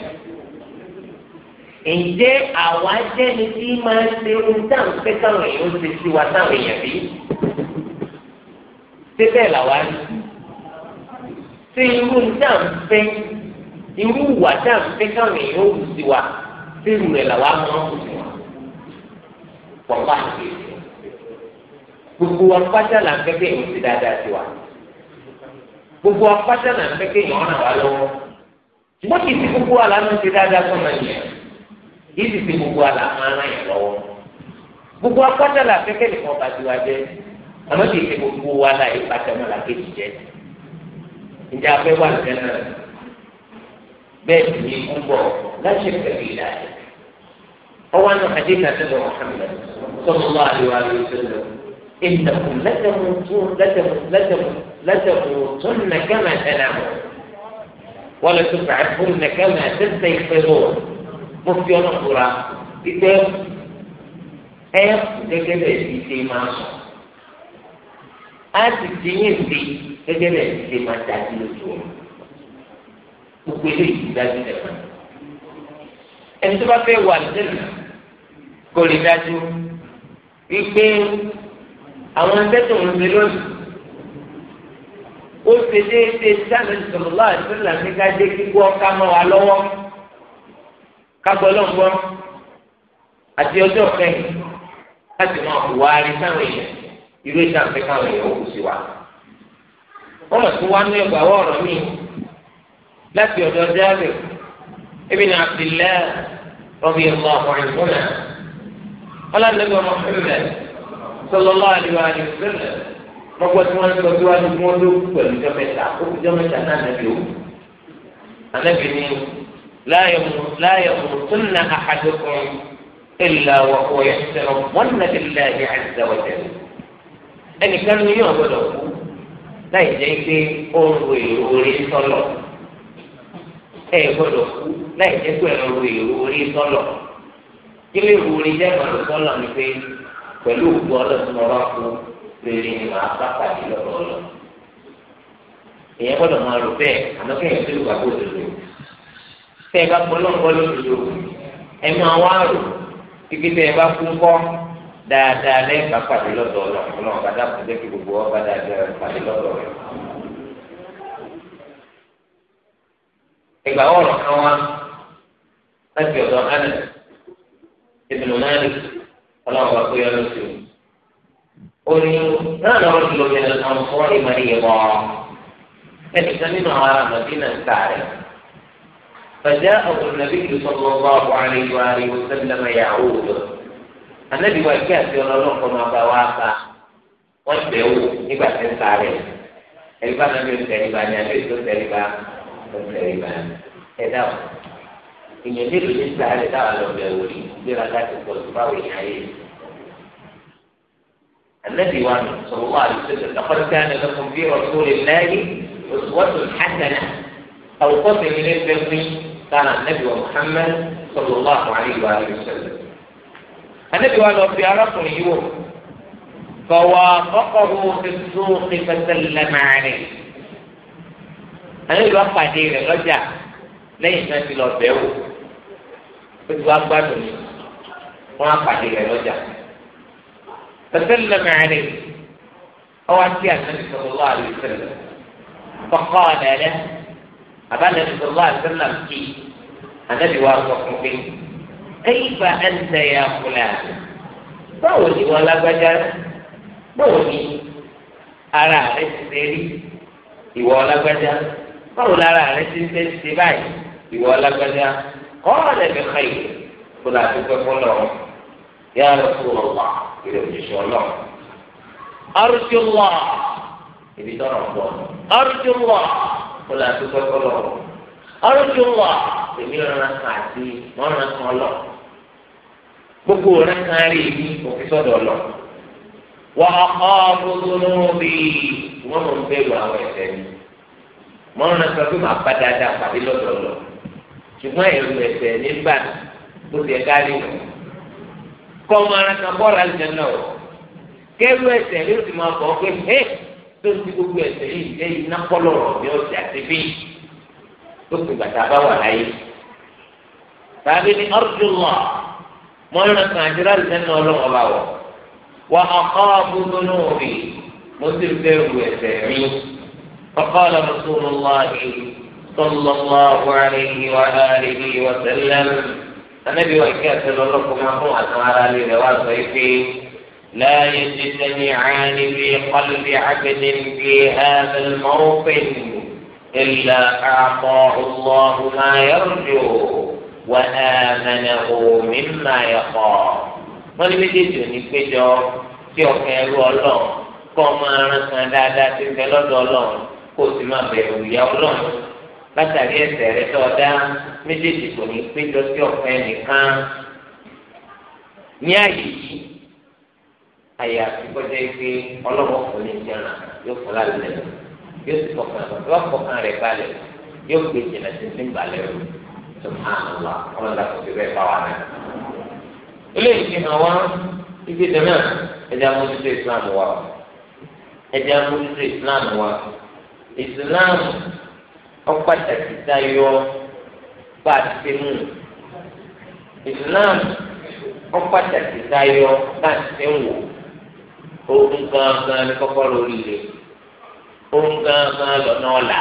ǹjẹ́ àwa jẹ́ni tí máa ń ṣe irú tán fẹ́ káwọn èèyàn ti ti wa táwọn èèyàn bí? ṣé bẹ́ẹ̀ làwa rí? ṣé irú níta ń fẹ́ irú ìwà tá à ń fẹ́ káwọn èèyàn ò sí wa ṣé irú rẹ̀ làwa mọ́ ọ́ sí wa pọ̀pá gbogbo wa pátá là ń fẹ́ kéèyàn ti dáadáa sí wa gbogbo wa pátá là ń fẹ́ kéèyàn ràn wá lọ́wọ́ ṣùgbọ́n kì í ti gbogbo wa là ń ti dáadáa sọ́nà yẹn kì í ti ti gbogbo wa là ń ràn yẹn lọ́wọ́ gbogbo wa pátá là ń fẹ́ kéèyàn bá ti wa jẹ́ àmọ́ kì í ti gbogbo wa là ń pàtẹ́ wọn là kéèyàn jẹ́ ǹjẹ́ afẹ́ wà lẹ́sẹ̀ náà bẹ́ẹ̀ sì ni ikú bọ̀ láṣẹ pẹ̀lú ìlànà ọwọ́ náà adé kàtẹ́ bọ̀ Muhammad sọ́kùnrin àríwá rẹ̀ sọ́dọ̀ إنكم لتموتون لتموتون لتموتن كما تنامون ولا تبعثن كما تستيقظون مفتي أخرى كتاب ẹ gẹ́gẹ́ bẹ́ẹ̀ ti ṣe máa sùn á sì ti yín sí gẹ́gẹ́ bẹ́ẹ̀ ṣe máa dájú lójú wọn gbogbo eléyìí dájú lẹ fún ẹ ẹni tó bá fẹ́ wà lẹ́nu kò lè dájú wípé àwọn ẹgbẹ́tò ń ṣe lónìí ó ṣe déédéé sáàmì sọlọ́lá àdúrà ní ká dé kíkọ́ ká mọ́ wa lọ́wọ́ ká gbọ́ lọ́ngbọ́ àti ọjọ́ kẹ́yìn láti máa wá rí èèyàn ìrú ìṣàǹfẹ́ káwọn èèyàn ó kù sí wa wọ́n mọ̀ sí wánú ẹgbàá ọ̀rọ̀ mi láti ọ̀dọ̀ Jabir ibn Abdillah radiyallahu anhuma ọlọ́dún ọmọ Muhammad sallallahu alaihi wa sallam mọ̀gbọ́n tí wọ́n ń sọ síwájú kí wọ́n ló pẹ̀lú jọ́mẹ́ta ó fi jọ́mẹ́ta náà nàbí o ànábì ni la yamutunna ahadukum illa wa huwa yahsinu dhanna billahi azza wa jalla ẹnìkan ni yóò gbọdọ̀ kú láì jẹ́ pé ó ń ro èrò orí sọ́lọ̀ ẹ gbọ́dọ̀ kú láì jẹ́ pé ẹ ń ro èrò orí sọ́lọ̀ kí ló èrò orí jẹ́ màlúù sọ́lọ̀ ni pé pẹ̀lú òkú ọlọ́sùn ọba kú rere ni màá bá pàdé lọ́rọ̀ ọlọ́ èèyàn gbọ́dọ̀ máa rò bẹ́ẹ̀ àmọ́ kẹ́yìn tó lù wá gbọ́dọ̀ tẹ́ ẹ bá gbọ́ lọ́ngbọ́ lóṣù ẹ máa wá rò kíkí tẹ́ ẹ bá kú ńkọ́ dáadáa lẹ́yìn bá pàdé lọ́dọ̀ ọ̀nà ọlọ́run bá dáàbò jẹ́ kí gbogbo ọba dáadáa pàdé lọ́dọ̀ rẹ̀. ìgbà ọ̀rọ̀ kan wá láti ọ̀dọ̀ Anas ibn Malik ọlọ́run bá kóyọ lóṣù. ó ní náà lọ́rọ̀ tó lómi ẹ̀rọ kan fún ìmọ̀ iye mọ́ ọ. ẹnì kan nínú àwọn ará Màdínà ń ta rẹ̀. فجاءه النبي صلى الله عليه وآله وسلم يعوده anabi wa kí àti ọlọ́run kọ́ máa bá wa bá wọ́n bẹ̀ wò nígbà tí ń sáré ẹ̀rí bá nàbí ń tẹ̀lé bá ní àbí tó tẹ̀lé bá tó tẹ̀lé bá ẹ̀ dá o ìyẹn nílùú ní sáré dáwà lọ bẹ̀ wò yìí gbéra láti pọ̀ tó báwo yìí ayé anabi wa nù sọ̀rọ̀ wà lùsẹ̀ tó lọ́kọ́dé tí a nà lọ́kọ́ bí ọ̀tún lè náyé oṣuwọ́tò hàtàlà àwòkọ́ tẹ̀lé ní bẹ́ẹ̀ fún yìí kára anabi wa muhammed sọ̀rọ̀ wà anabi wa lọ fi arákùnrin yìí wò fọwọ́ kọ́kọ́rọ́ fífún fífẹsẹ̀ lẹ́màrin anabi wa pàdé rẹ̀ lọ́jà lẹ́yìn náà ti lọ bẹ̀ wò ó ti wá gbádùn ní wọ́n á pàdé rẹ̀ lọ́jà fífẹsẹ̀ lẹ́màrin ọwọ́ àti àtẹnudí sọ̀rọ̀ àlùyí sẹ́lẹ̀ kọ́kọ́ ọ̀dà ẹ̀dẹ́ àbálẹ̀ sọ̀rọ̀ àlùyí sẹ́lẹ̀ kì í anabi wa sọ kẹ́yìfà ẹ̀ǹtẹ̀ yà fúlẹ̀ báwo ni wọn lágbájá báwo ni ara rẹ ti ṣe rí ìwọ lágbájá báwo lára rẹ ti ṣe ń ṣe báyìí ìwọ lágbájá kọ́ọ̀dẹ̀ bí kẹ́yì kó la dúpẹ́ fọlọ́ yà á lọ fún ọlọ́ ìrẹ̀ òṣìṣẹ́ ọlọ́ arjullah ibi tọ́nà pọ̀ arjullah kó la dúpẹ́ fọlọ́ arjullah èmi rán kan àti wọ́n rán kan lọ́ọ̀ gbogbo rẹ kan rí ibi òfin sọ́dọ̀ lọ wà á gbogbo lóbi wọn mọ bẹ̀rù àwọn ẹ̀ṣẹ̀ mi mọ ọ̀nà sọ pé màá bá dáadáa pàdé lọ́dọ̀ lọ ṣùgbọ́n ẹ̀rù ẹ̀ṣẹ̀ nígbà tó ti ẹ̀ka rí wọn kọ́ ọmọ ara kan bọ́ọ̀rọ̀ àlùjẹ́ náà kẹ́rù ẹ̀ṣẹ̀ ló ti máa bọ̀ pé ẹ́ tó ti gbogbo ẹ̀ṣẹ̀ yìí jẹ́ iná kọ́lọ̀rọ̀ ní ọ̀sẹ̀ àti bí tó ti gbàtà bá wà láyé tàbí ní ọ̀rùn mọ́nà kan àti láti sẹ́nu ọlọ́run ọba wọ̀ wà á kọ́ abúlé náà rí mo sì bẹ̀rù ẹ̀ṣẹ̀ mi ọkọ́ ọlọ́run tó ń lọ àyè صلى الله عليه وآله وسلم النبي وكاس لكم مروعة على لرواس لا يجتمعان في قلب عبد في هذا الموطن إلا أعطاه الله ما يرجو wà á mẹ́nà òmí mà ẹ̀ kọ́ wọ́n ní méjèèjì ò ní péjọ tí ọkàn ẹrú ọlọ́run kọ́ máa rán kan dáadáa tí ń bẹ lọ́dọ̀ ọlọ́run kó o sì máa bẹ̀rù ìyá ọlọ́run látàrí ẹsẹ̀ rẹ tó dá méjèèjì kò ní péjọ sí ọkàn ẹnìkan ní àyè yìí àyè àtikọ́jọ́ ife ọlọ́wọ́ kò ní jẹrán yóò fún lálẹ́ yóò sì fọkàn rẹ̀ balẹ̀ yóò gbé jìnnà títí balẹ̀ rẹ̀ subhanallah ọlọ́run dàpọ̀ sí bẹ́ẹ̀ bá wa náà. ilé ìfihàn wa ibi dáná ẹ̀dá mójútó islam wa ẹ̀dá mójútó islam wa islam ọ̀pàtàkì tayọ bá a ti mú islam ọ̀pàtàkì tayọ bá a ti wò ohun gangan ni kọ́kọ́ lórí rẹ̀ ohun gangan lọ́nà ọ̀la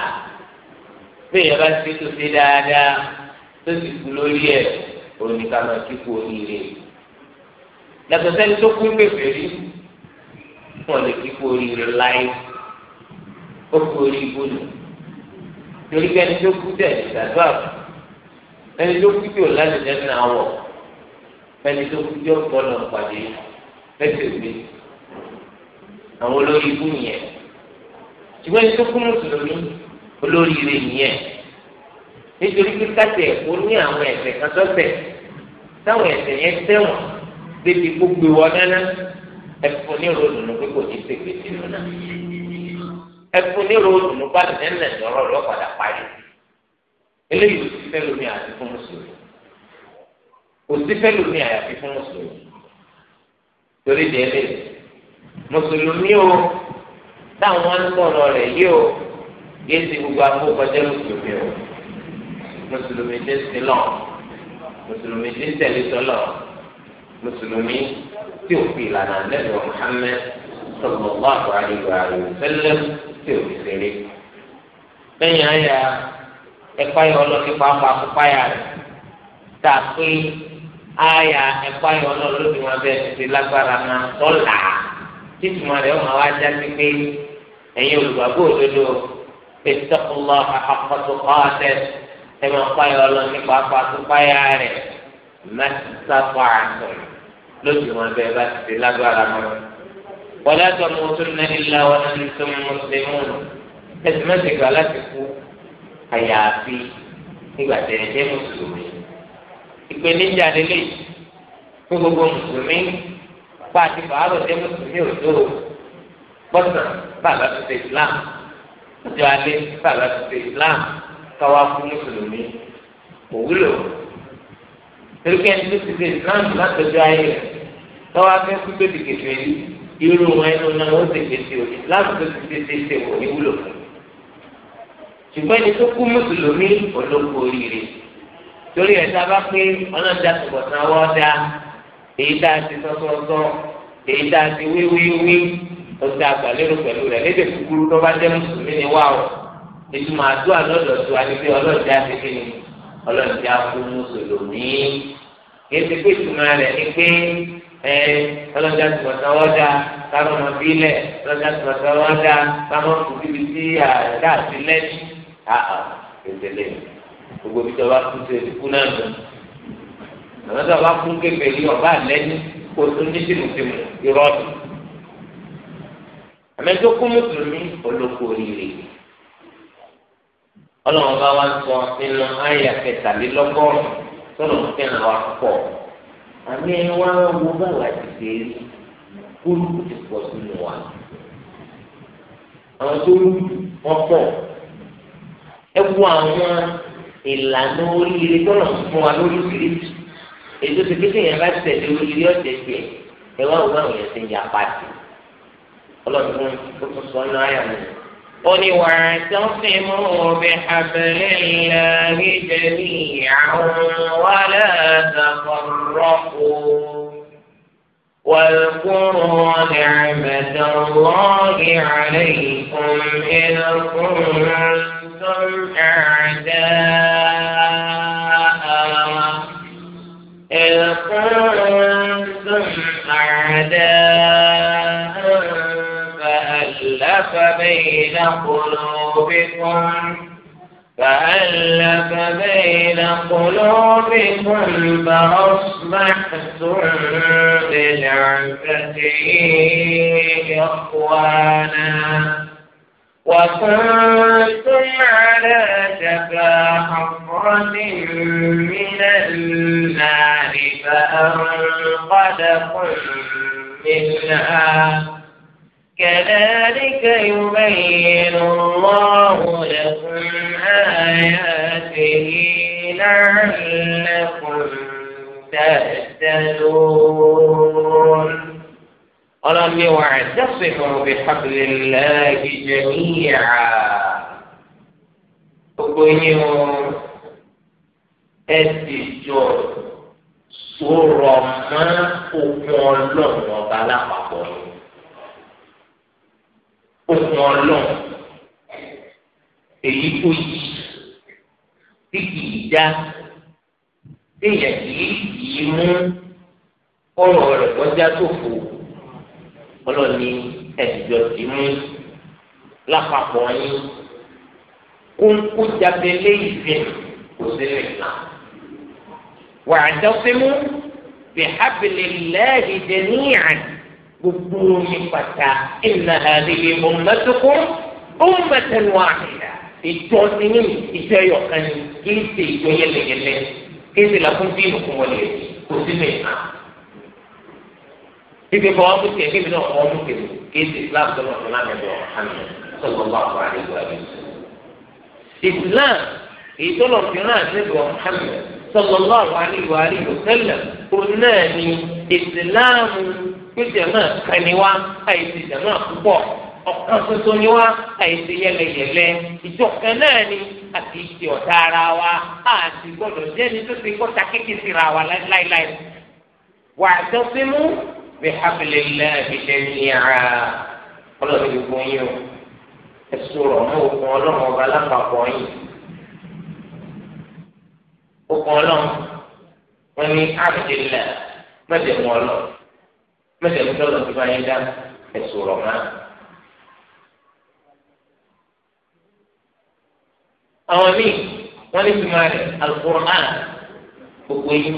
bí ìyẹn bá ti tó ṣe dáadáa tó sì kú lórí ẹ̀ oníkàmá kíkú oríire yàtọ̀ sẹ́ni tó kú pèpè rí wọn lè kíkú oríire láì ó kú orí ibú nù torí pé ẹni tó kú tẹ̀ ìgbàgbọ́ àpò ẹni tó kú tí ò lálẹ́ jẹ́ nínú àwọ̀ ẹni tó kú tí ó gbọ́dọ̀ pàdé lẹ́sẹ̀ gbé àwọn olórí ibú nìyẹn ṣùgbọ́n ẹni tó kú mùsùlùmí olórí ire nìyẹn nítorí pé káṣẹ ẹ̀kọ́ ní àwọn ẹ̀ṣẹ̀ kan sọ́sẹ̀ táwọn ẹ̀ṣẹ̀ yẹn tẹ̀wọ̀n débi gbogbo ìwọ náná ẹ̀fọ́ ní ròdùnú pé kò ní í ṣègbè sínú náà ẹ̀fọ́ ní ròdùnú bá lẹ̀ nẹ̀ lọ́rọ̀ lọ́padà parí eléyìí kò sí fẹ́ lómi àti fún mùsùlùmí kò sí fẹ́ lómi àyàfi fún mùsùlùmí torí délé mùsùlùmí o táwọn ń sọ̀rọ̀ rẹ̀ yìí o yéé ti gbogbo amókọjẹ́ mùsùlùmí o mùsùlùmí ti ń sin lọ mùsùlùmí ti ń tẹ̀lé sọlọ mùsùlùmí tí ò fi ìlànà nẹ́bí Muhammad sallallahu alaihi wa sallam tí ò fi ṣeré. lẹ́yìn àyà ẹ̀pá yọ ọlọ́ọ̀kí pàápàá kópa yà rẹ̀ tá a pé àyà ẹ̀pá yọ ọlọ́ọ̀lọ́bí wọn bẹ́ẹ̀ ti lágbára náà tọ́lá títúmọ̀ rẹ̀ wọn wá já sí pé ẹ̀yin olùgbàgbọ́ òdodo ittaqullaha haqqa tuqatih ẹ máa páyà ọlọ́run nípa apáṣípáyà rẹ̀ mẹ́tàfà àtọ̀ lójú wọn bẹ́ẹ̀ bá ti di lágbára mọ́. wọlé àti ọmọ òtún náà nílá wọn ní sọ mùsùlùmí ẹsùn mẹ́sẹ̀ gbà láti kú àyàfi nígbà tẹ̀ ẹ́ jẹ́ mùsùlùmí. ìpèníjà lélẹ̀ fún gbogbo mùsùlùmí pa àti jẹ́ mùsùlùmí òjòrò bọ́sàn bàbá tó Islam ọjọ́ alẹ́ bàbá tó Islam káwá fún mùsùlùmí kò wúlò erékẹ́ ní ti ṣe ìsìláàmù látọjú ayé rẹ̀ káwá fẹ́ kú tó di kẹfẹ́ yìí irú wọn ẹnu náà ó ti kẹsì òní láti tó ti ṣe ṣe kò ní wúlò fún ṣùgbọ́n ẹni tó kú mùsùlùmí olóko oríire torí ẹ̀ sábà pé ọlọ́dà tòbọ̀tán wọ́n dá èyí tá a ti sọ́sọ́sọ́ èyí tá a ti wíwíwí ó ti àgbà lérò pẹ̀lú rẹ̀ lédè kúkúrú tó bá jẹ́ mùsùlùmí ni wá o ìtumọ̀ àdúrà lọ́dọ̀ tó a ní pé ọlọ́ọ̀dẹ́ àtẹ́kẹ́ ni ọlọ́ọ̀dẹ́ akú mùsùlùmí kìí ṣe pé ìtumọ̀ rẹ̀ ni pé ẹ ọlọ́ọ̀dẹ́ àtìmọ̀tán ọ̀dà káwọn ọmọ bílẹ̀ ọlọ́ọ̀dẹ́ àtìmọ̀tán ọ̀dà káwọn ọmọ bíbi tí àdá àti lẹ́ni àà tẹ̀tẹ̀lẹ̀ gbogbo bí tọ́ba kú ṣe kú náà nù àmọ́ tọ́ba kú kékeré ọba lẹ́ni kó tó ní tìmùtìmù irọ́ àmẹ́jọ́ ọlọ́run bá wá sọ nínú àyà kẹtàlélọ́gọ́rùn tọ́lọ̀ ń fẹ́ràn wa pọ̀ àmì ẹ̀ wá wo báwa ti dé rí kúrúkú ti pọ̀ sínú wa àwọn tó rú wọn pọ̀ ẹ wo àwọn ìlànà oríire tọ́lọ̀ ń fún wa lórí kìrìtì èso ti kékeré yẹn bá tẹ̀lé oríire ọ̀tẹ̀ tiẹ̀ ẹ wá wo báwọn yẹn ti ń yapa sí ọlọ́run tó ń sọ nínú àyà mi. قل واعتصموا بحبل الله جميعا ولا تفرقوا واذكروا نعمة الله عليكم إذ كنتم أعداء إذ كنتم أعداء فألف بين قلوبكم فألف بين قلوبكم فأصبحتم بنعمته إخوانا وكنتم على شفا حفرة من النار فأنقذكم منها كذلك يبين الله لكم آياته لعلكم تهتدون ولم يعتصموا بحبل الله جميعا gbogbo ẹsì jọ sọ̀rọ̀ mọ́ òkun ọlọ́run ọba lápapọ̀ yìí òkun ọlọ́run èyí tó yí tí kì í dá téèyàn kì í kì í mú ọ̀rọ̀ rẹ̀ kọjá sófo ọlọ́ni ẹ̀dùjọ́ ti mú lápapọ̀ yín kónkó jábẹ́lé ìfẹ́ kò sí nìkan wàá dọ́sẹ́mú bìhábìlì lẹ́ẹ̀dẹ̀ẹ́nìyàn gbogbo yín pàtà inna hadhihi ummatukum ummatan wahida ìjọ nínú ìjọ ẹ̀yọ̀kan ni kì í ṣe ìjọ yẹlẹyẹlẹ kì í ṣe làkún bí ìlú kún wọlé kò sí mi hàn. Ibi kan wọ́n mú tiẹ̀ kí mi náà wọ́n mú tèmi kì ṣe Islam tó lọ fún lámẹ́bí ọ̀hán mi sọ̀rọ̀ bá wà ní ìwà mi. Islam èyí tó lọ fún lámẹ́bí ọ̀hán mi sọ̀rọ̀ bá wà ní ìwà mi sọ̀rọ̀ náà ni Islam pé jẹ̀mọ́ kan ni wá àìsí jẹ̀mọ́ púpọ̀ ọ̀kan tuntun ni wá àìsí yẹlẹyẹlẹ ìjọkan náà ni àti ìṣe ọ̀tá ara wa àti gbọ́dọ̀ jẹ́ni tó ti kọ́ta kékeré síra wa láíláí. wa'tasimu bihablillahi jami'a ọlọ́run gbogbo yín o ẹ̀sùn rọ̀ mọ́ òkun ọlọ́run ọba lápapọ̀ yìí. òkun ọlọ́run wọn ni abdillah mẹ́tẹ̀ẹ̀mú ọlọ́run mẹsẹ̀ ní tọ́lọ̀ ti bá yín dá ẹ̀sùn rọ̀ máa. àwọn míì wọ́n ní tuma rẹ̀ alukur'an gbogbo yín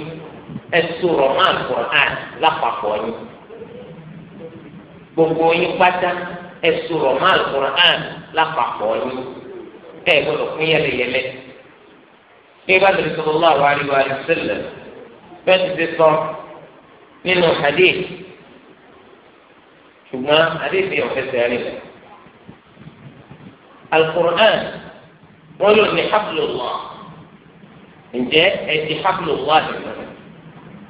ẹ̀sùn rọ̀ máa alukur'an lápapọ̀ yín gbogbo yín pátá ẹ̀sùn rọ̀ máa alukur'an lápapọ̀ yín ẹ̀ gbọ́dọ̀ fún yẹlẹyẹlẹ bí bá tẹ̀lé lọ́wọ́ àríwá àríwá sẹ́lẹ̀ bẹ́ẹ̀ ti ti sọ nínú hadith ṣùgbọ́n àdéhùn ọ̀fẹ́sẹ̀ rìn lẹ̀. alukur'an wọn lò ní hablullah ǹjẹ́ ẹ ti hablullah nínú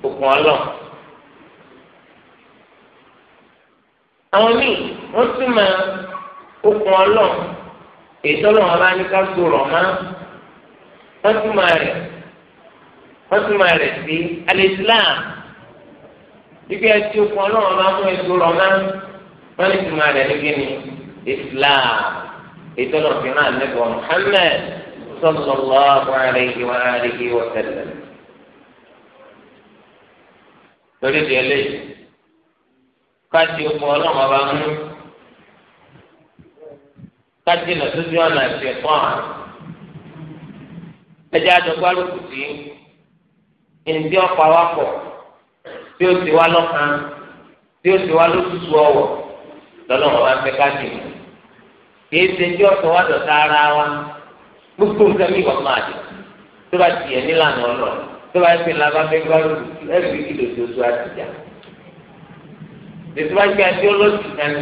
òkun ọlọ́ àwọn míì wọ́n tún máa òkun ọlọ́ ètò ọlọ́run ọba ní ká gbòòrò mọ́ wọ́n tún máa rẹ̀ wọ́n tún máa rẹ̀ sí alẹ́ islam ibi ẹ ti òkun ọlọ́run ọba mú ẹ gbòòrò mọ́ wọ́n ní tìmọ̀ rẹ̀ ní kíni islam ètò ìrọ̀fìnà nígbà muhammed sallallahu alayhi wa alihi wa sallam. lórí ìdí ẹlẹ́yìí káàdì ọkọ̀ ọlọ́run ọba mú káàdì náà tó ti ọ̀nà ìṣẹ̀kọ́ àná ẹjẹ àjọpọ̀ alùpùpù ẹnìdí ọ̀pọ̀ awakọ̀ tí ó ti wá lọ́kàn tí ó ti wá lóṣùṣù ọ̀wọ̀ lọ́lọ́run wa fẹ́ ká ti mú kìí ṣe ní ọ̀sán wa dọ̀tá ara wa gbogbo nǹkan mi wà máa dì tó bá tiẹ̀ nílànà ọ̀nà tó bá ti la bá fẹ́ gbọ́ ẹ̀rí kìlò tó tó àtìjà tètè bá gbé àti olóòtú kání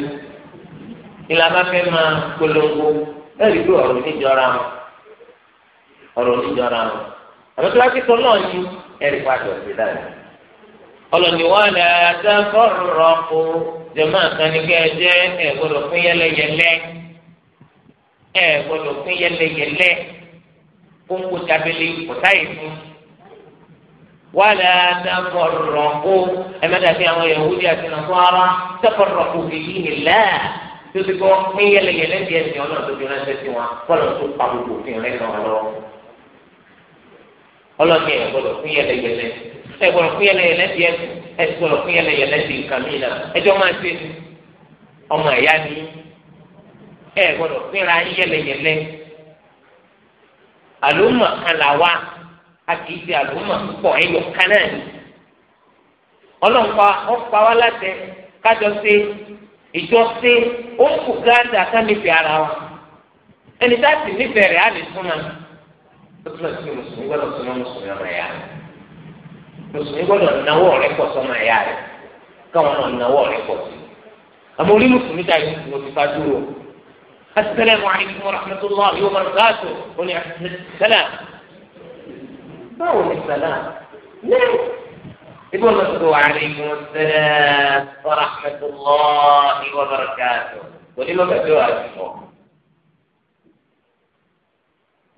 ìlà bá fẹ́ máa polongo ẹ̀rí pé ọ̀rọ̀ níjọra wọn ọ̀rọ̀ níjọra wọn àmọ́ tó bá ti sọ náà ní ẹ̀rí padà ọ̀sẹ̀ dáadáa ọlọ́ni wa lè àtẹ́fọ́ jẹ̀mọ́ àkànníkẹ́ jẹ́ ẹ̀ gbọ́dọ̀ fún yẹlẹyẹlẹ ẹ̀ gbọ́dọ̀ fún yẹlẹyẹlẹ kóńkó tábìlì kòtáyé fún wàlẹ̀ àtàkọ̀rọ̀kọ̀ ẹ̀mẹ́tàbí àwọn yahudi àti nàkọ́ra tẹ́kọ̀rọ̀kọ̀ fìdí nìlẹ́ tó ti kọ́ pín yẹlẹyẹlẹ di ẹsẹ̀ ọ̀nà tó fi ránṣẹ́ sí wọn kọ́lọ̀ tó pa gbogbo òfin rẹ̀ náà lọ ọlọ́ọ̀ni ẹ̀ gbọ́dọ̀ fún yẹlẹyẹlẹ ẹ gbọ́dọ̀ fún yẹlẹ yẹlẹ ti ẹsùn ẹ gbọ́dọ̀ fún yẹlẹ yẹlẹ ti nǹkan mi náà ẹjọ́ máa ṣe ọmọ ẹ̀yá ni ẹ gbọ́dọ̀ fínra yẹlẹ yẹlẹ àlùmọ̀ kan là wá a kì í ṣe àlùmọ̀ púpọ̀ ẹyọ kan náà ni ọlọ́nkpa ọ̀pá wa láti kájọ ṣe ìjọ ṣe ó kù gáàdà ká nífẹ̀ẹ́ ara wa ẹni tá a sì nífẹ̀ẹ́ rẹ̀ á lè súnmọ́ ó túnbọ̀ sí mùsùlùmí gbọ́dọ̀ súnmọ́ mùsùlùmí ọmọ ẹ̀yà rẹ̀. mùsùlùmí gbọ́dọ̀ náwó rẹ̀ pọ̀ sọ́mọ ẹ̀yà rẹ̀ káwọn náà náwó rẹ̀ pọ̀ sí i àmọ́ orí mùsùlùmí ta ìlú mo ti fa dúró asalaamu alaykum wa rahmatulahi wa barakatu o ní asalaam báwo ni salaam ní ibi wọn ti sọ alaykum salaam wa rahmatulahi wa barakatu o ní lọ́kàn tó wà lọ́kàn.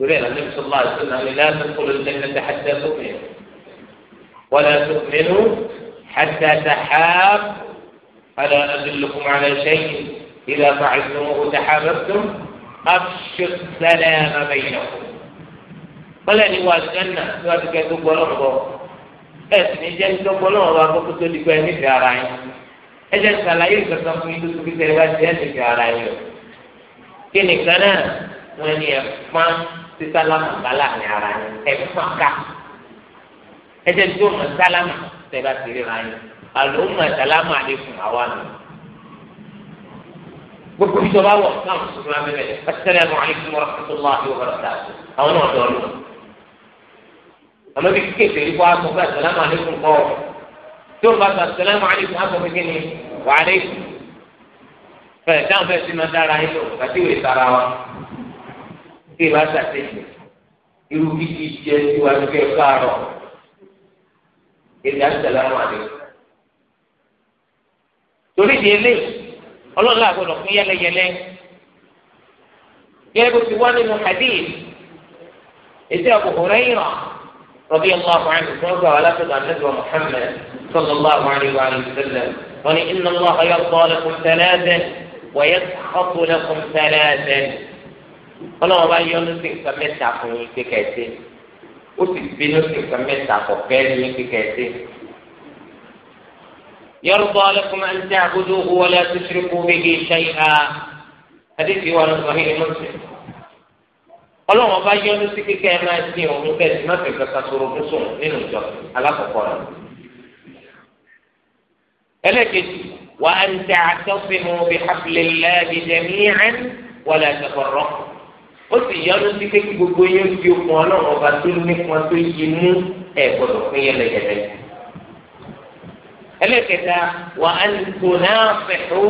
يقول النبي صلى الله عليه وسلم لا تدخل الجنة حتى تؤمنوا ولا تؤمنوا حتى تحاب ألا أدلكم على شيء إذا فعلتموه تحاببتم أفشوا السلام بينكم ولا نواز جنة نواز كتب ولنبو ẹsìn jẹ ntọgbọ náà wà kókó tó di pé ẹni fi ara yín ẹjẹ sàlàyé ìgbàgbọ́ fún yín tó tóbi tẹ́lẹ̀ bá ti ẹni fi ara yín o kí nìkan náà wọn ni ẹ fún sísálàmù bá láàrin ara yín ẹ fún ká ẹjẹ tí o mọ sálámà tẹ̀lá ti ríra yín àlọ́ mọ sálámà lè fún àwa nù. gbogbo ìjọba wọ̀ káwọn sọ̀rọ̀ abẹ́rẹ́ assalamu alaykum wa rahmatullahi wa barakatuh àwọn náà dọ̀ọ́ lọ. àmọ́ bí kíkẹ́ ìfèrí kó aṣọ fún assalamu alaykum kọ́ tí o bá sọ assalamu alaykum aṣọ fún kí ni wa alaykum. fẹ̀rẹ̀ táwọn fẹ́ẹ́ sinmi dára yín lọ kàtí ìwé sara wa kí ìbá sàtẹ́jì irú bí ti jẹ́ tiwa ní kẹ́ èdè àṣàlámù àdéhùn. torí di ilé ọlọ́lá àgbọ̀dọ̀ fún yẹlẹyẹlẹ gẹ́gẹ́ bó ti wá nínú hadith ètò Abu Hurairah radiyallahu anhu fún ọgbà alákòóso àdébò Muhammad sallallahu alayhi wa sallam wọn ni inna Allaha yarda lakum thalathan wa yaskhatu lakum thalathan ọlọ́wọ́ bá yọ ọ́nù sí nǹkan mẹ́ta fún yín kékeré ó sì bínú sí nǹkan mẹ́ta kọ̀ fẹ́ ní kíkẹ́ sí. يرضى لكم أن تعبدوه ولا تشركوا به شيئا حديث وانا صحيح مسلم ọlọ́run ọba yọ́nú sí kíkẹ́ ẹ máa sin òun kẹ́ ẹ má fi kankan sọ̀rọ̀ nínú ìjọ alákọ̀ọ́kọ́ rẹ̀. ẹlẹ́kejì wà á ń tẹ àtọ́sí mu bí hablillah jami'an wala tafarraqu ó sì yọnu sí pé kí gbogbo yẹn fi okun ọlọ́run ọba tó nípa tó yí mú ẹ̀ gbọ́dọ̀ fún yẹn lẹ́yẹ̀lẹ́. ẹlẹ́kẹta wà á ní kò náà fẹ̀hó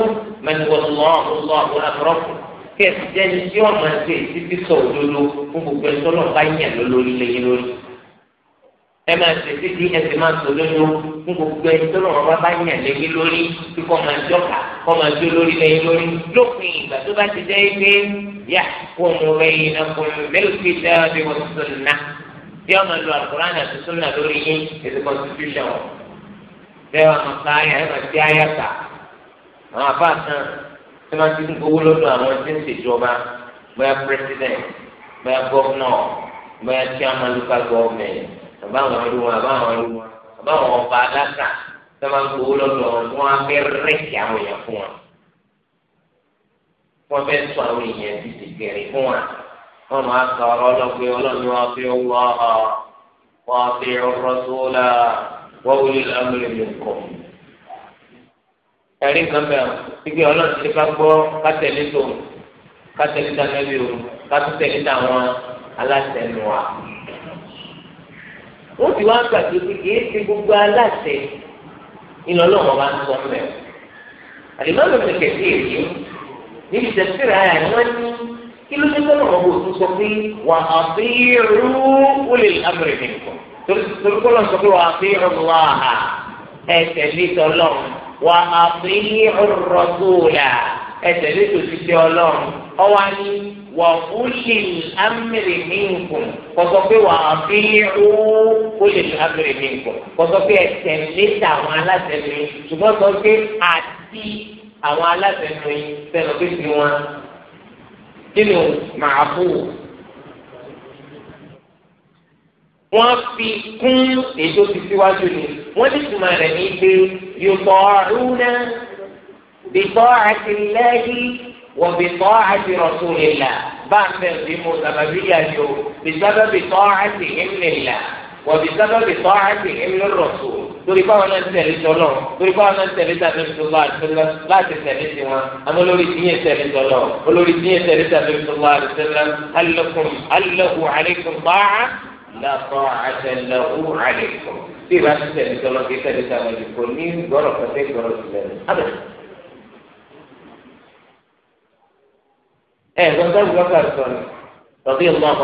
mẹ́lẹ́wọ̀lọ́ọ̀lọ́ọ̀lọ́ àbúrọ̀kù kí ẹ̀sìn jẹ́ ní tí wọ́n máa ṣe títí sọ òdodo fún gbogbo ẹ̀ tọ́lọ̀ bá yàn lólórí lẹ́yìn lórí. ẹ máa ṣe títí ẹsẹ̀ máa sọ lódodo fún gbogbo ẹ̀ tọ́lọ̀ bá bá yàn lẹ́yìn lórí kíkọ́ máa jọ́ka kọ́ máa jó lórí lẹ́yìn lórí lópin ìgbà tó bá ti jẹ́ يحكم بينكم بالكتاب والسنة tí ọmọ lu alukur'an àti sunna lórí yín ètò constitution wọn bẹ́ẹ̀ wọn máa ka ayé àyàmà sí ayàtà àwọn afáàtàn tí wọn ti ń gbowó lọ́dọ̀ àwọn tí ń ṣèjọba bóyá president bóyá governor bóyá chairman local government àbá àwọn ìlú wọn àbá àwọn ìlú wọn àbá àwọn ọba alága tí wọn máa ń gbowó lọ́dọ̀ wọn wọn á fẹ́ rẹkì àwọn èèyàn fún wọn wọn fẹẹ sọ àwọn èèyàn ti ti gẹrẹ fún wa wọn máa sọ ọ̀rọ̀ ọlọpẹ ọlọni wọn fi wọ ọ wọn fi rọṣọlá wọn wọlé lámúlẹ lẹkọọ ẹrí kan bẹ ibi ọlọni ti ká gbọ́ kátẹlí tó kátẹlí tó nẹbi o kátẹlí tó àwọn aláṣẹ wa ó ti wá gbàgbé pé kìí ṣe gbogbo aláṣẹ ìlọlọ́wọ́ bá ń sọ mẹ́rin àdìmọ́ mi kẹ̀kẹ́ èyí níbi tẹ̀síra ẹ̀ wọ́n ní kí ló dé tọ́lọ̀ ọ̀bù òtún sọ pé wà á fi rú ulè amúrè mi nìkan torí kọ́ lọ́n sọ pé wà á fi rú wàhà ẹ̀ tẹ̀lé tọ́lọ̀ wà á fi rú rọ́tòlà ẹ̀ tẹ̀lé tòṣìṣẹ́ ọlọ́run ọwọ́ ni wà ulè amúrè mi nìkan kọ́sọ́ pé wà á fi rú ulè amúrè mi nìkan kọ́sọ́ pé ẹ̀ tẹ̀lé tàwọn aláṣẹ mi ṣùgbọ́n sọ pé àti àwọn aláṣẹnu yìí sẹ́nu pípé wọn nínú màáfù wọ́n fi kún ètò ti síwájú ni wọ́n ti tuma rẹ̀ ní pé yòtọ̀ ọ̀rúnà bìtọ̀ àti lẹ́yìn wọ́n bìtọ̀ àti rasulillah bá a fẹ́ bí mo sábàbí yà yó bìtọ̀ àti ìmìlá wọ́n bìtọ̀ bìtọ̀ àti ìmìlá rọ̀tún torí báwọn náà ń tẹ̀lé tọ́lọ̀ torí báwọn náà ń tẹ̀lé tàbíṣọ́lá àdìsẹ́lá láti tẹ̀lé tiwọn àmọ́ lórí tìyẹn tẹ̀lé tọ́lọ̀ olórí tìyẹn tẹ̀lé tàbíṣọ́lá àdìsẹ́lá alẹ́kùn alẹ́kùn àlékùn báà làkọ́ àtẹlẹ́kùn àlékùn tí ìbá ti tẹ̀lé tọ́lọ̀ kí tẹ̀lé tàbíṣọ́lá kò ní gbọ́rọ̀ kọ́tẹ́ gbọ́rọ̀ sílẹ̀ ẹ̀gbọ́n tó gbọ́ ká sọ ni rọ̀bí ọlọ́ọ̀bù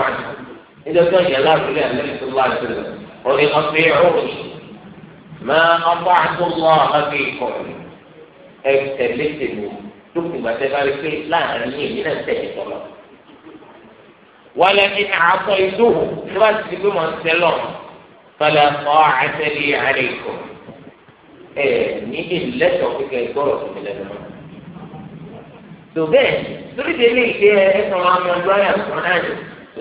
àti ìjọ tó ما أطعت الله فيكم أكتبتني لكم تبارك لا أني من السيد الله ولئن عصيته رسل من سلام فلا طاعة لي عليكم níbi lẹ́tọ̀ kíkẹ́ ìgbọ́rọ̀ tó mi lẹ́nu mọ́. tó bẹ́ẹ̀ lórí délé ìgbé ẹ̀ ẹ̀ sọ̀rọ̀ àmọ́ ọdún ayé àtúntò náà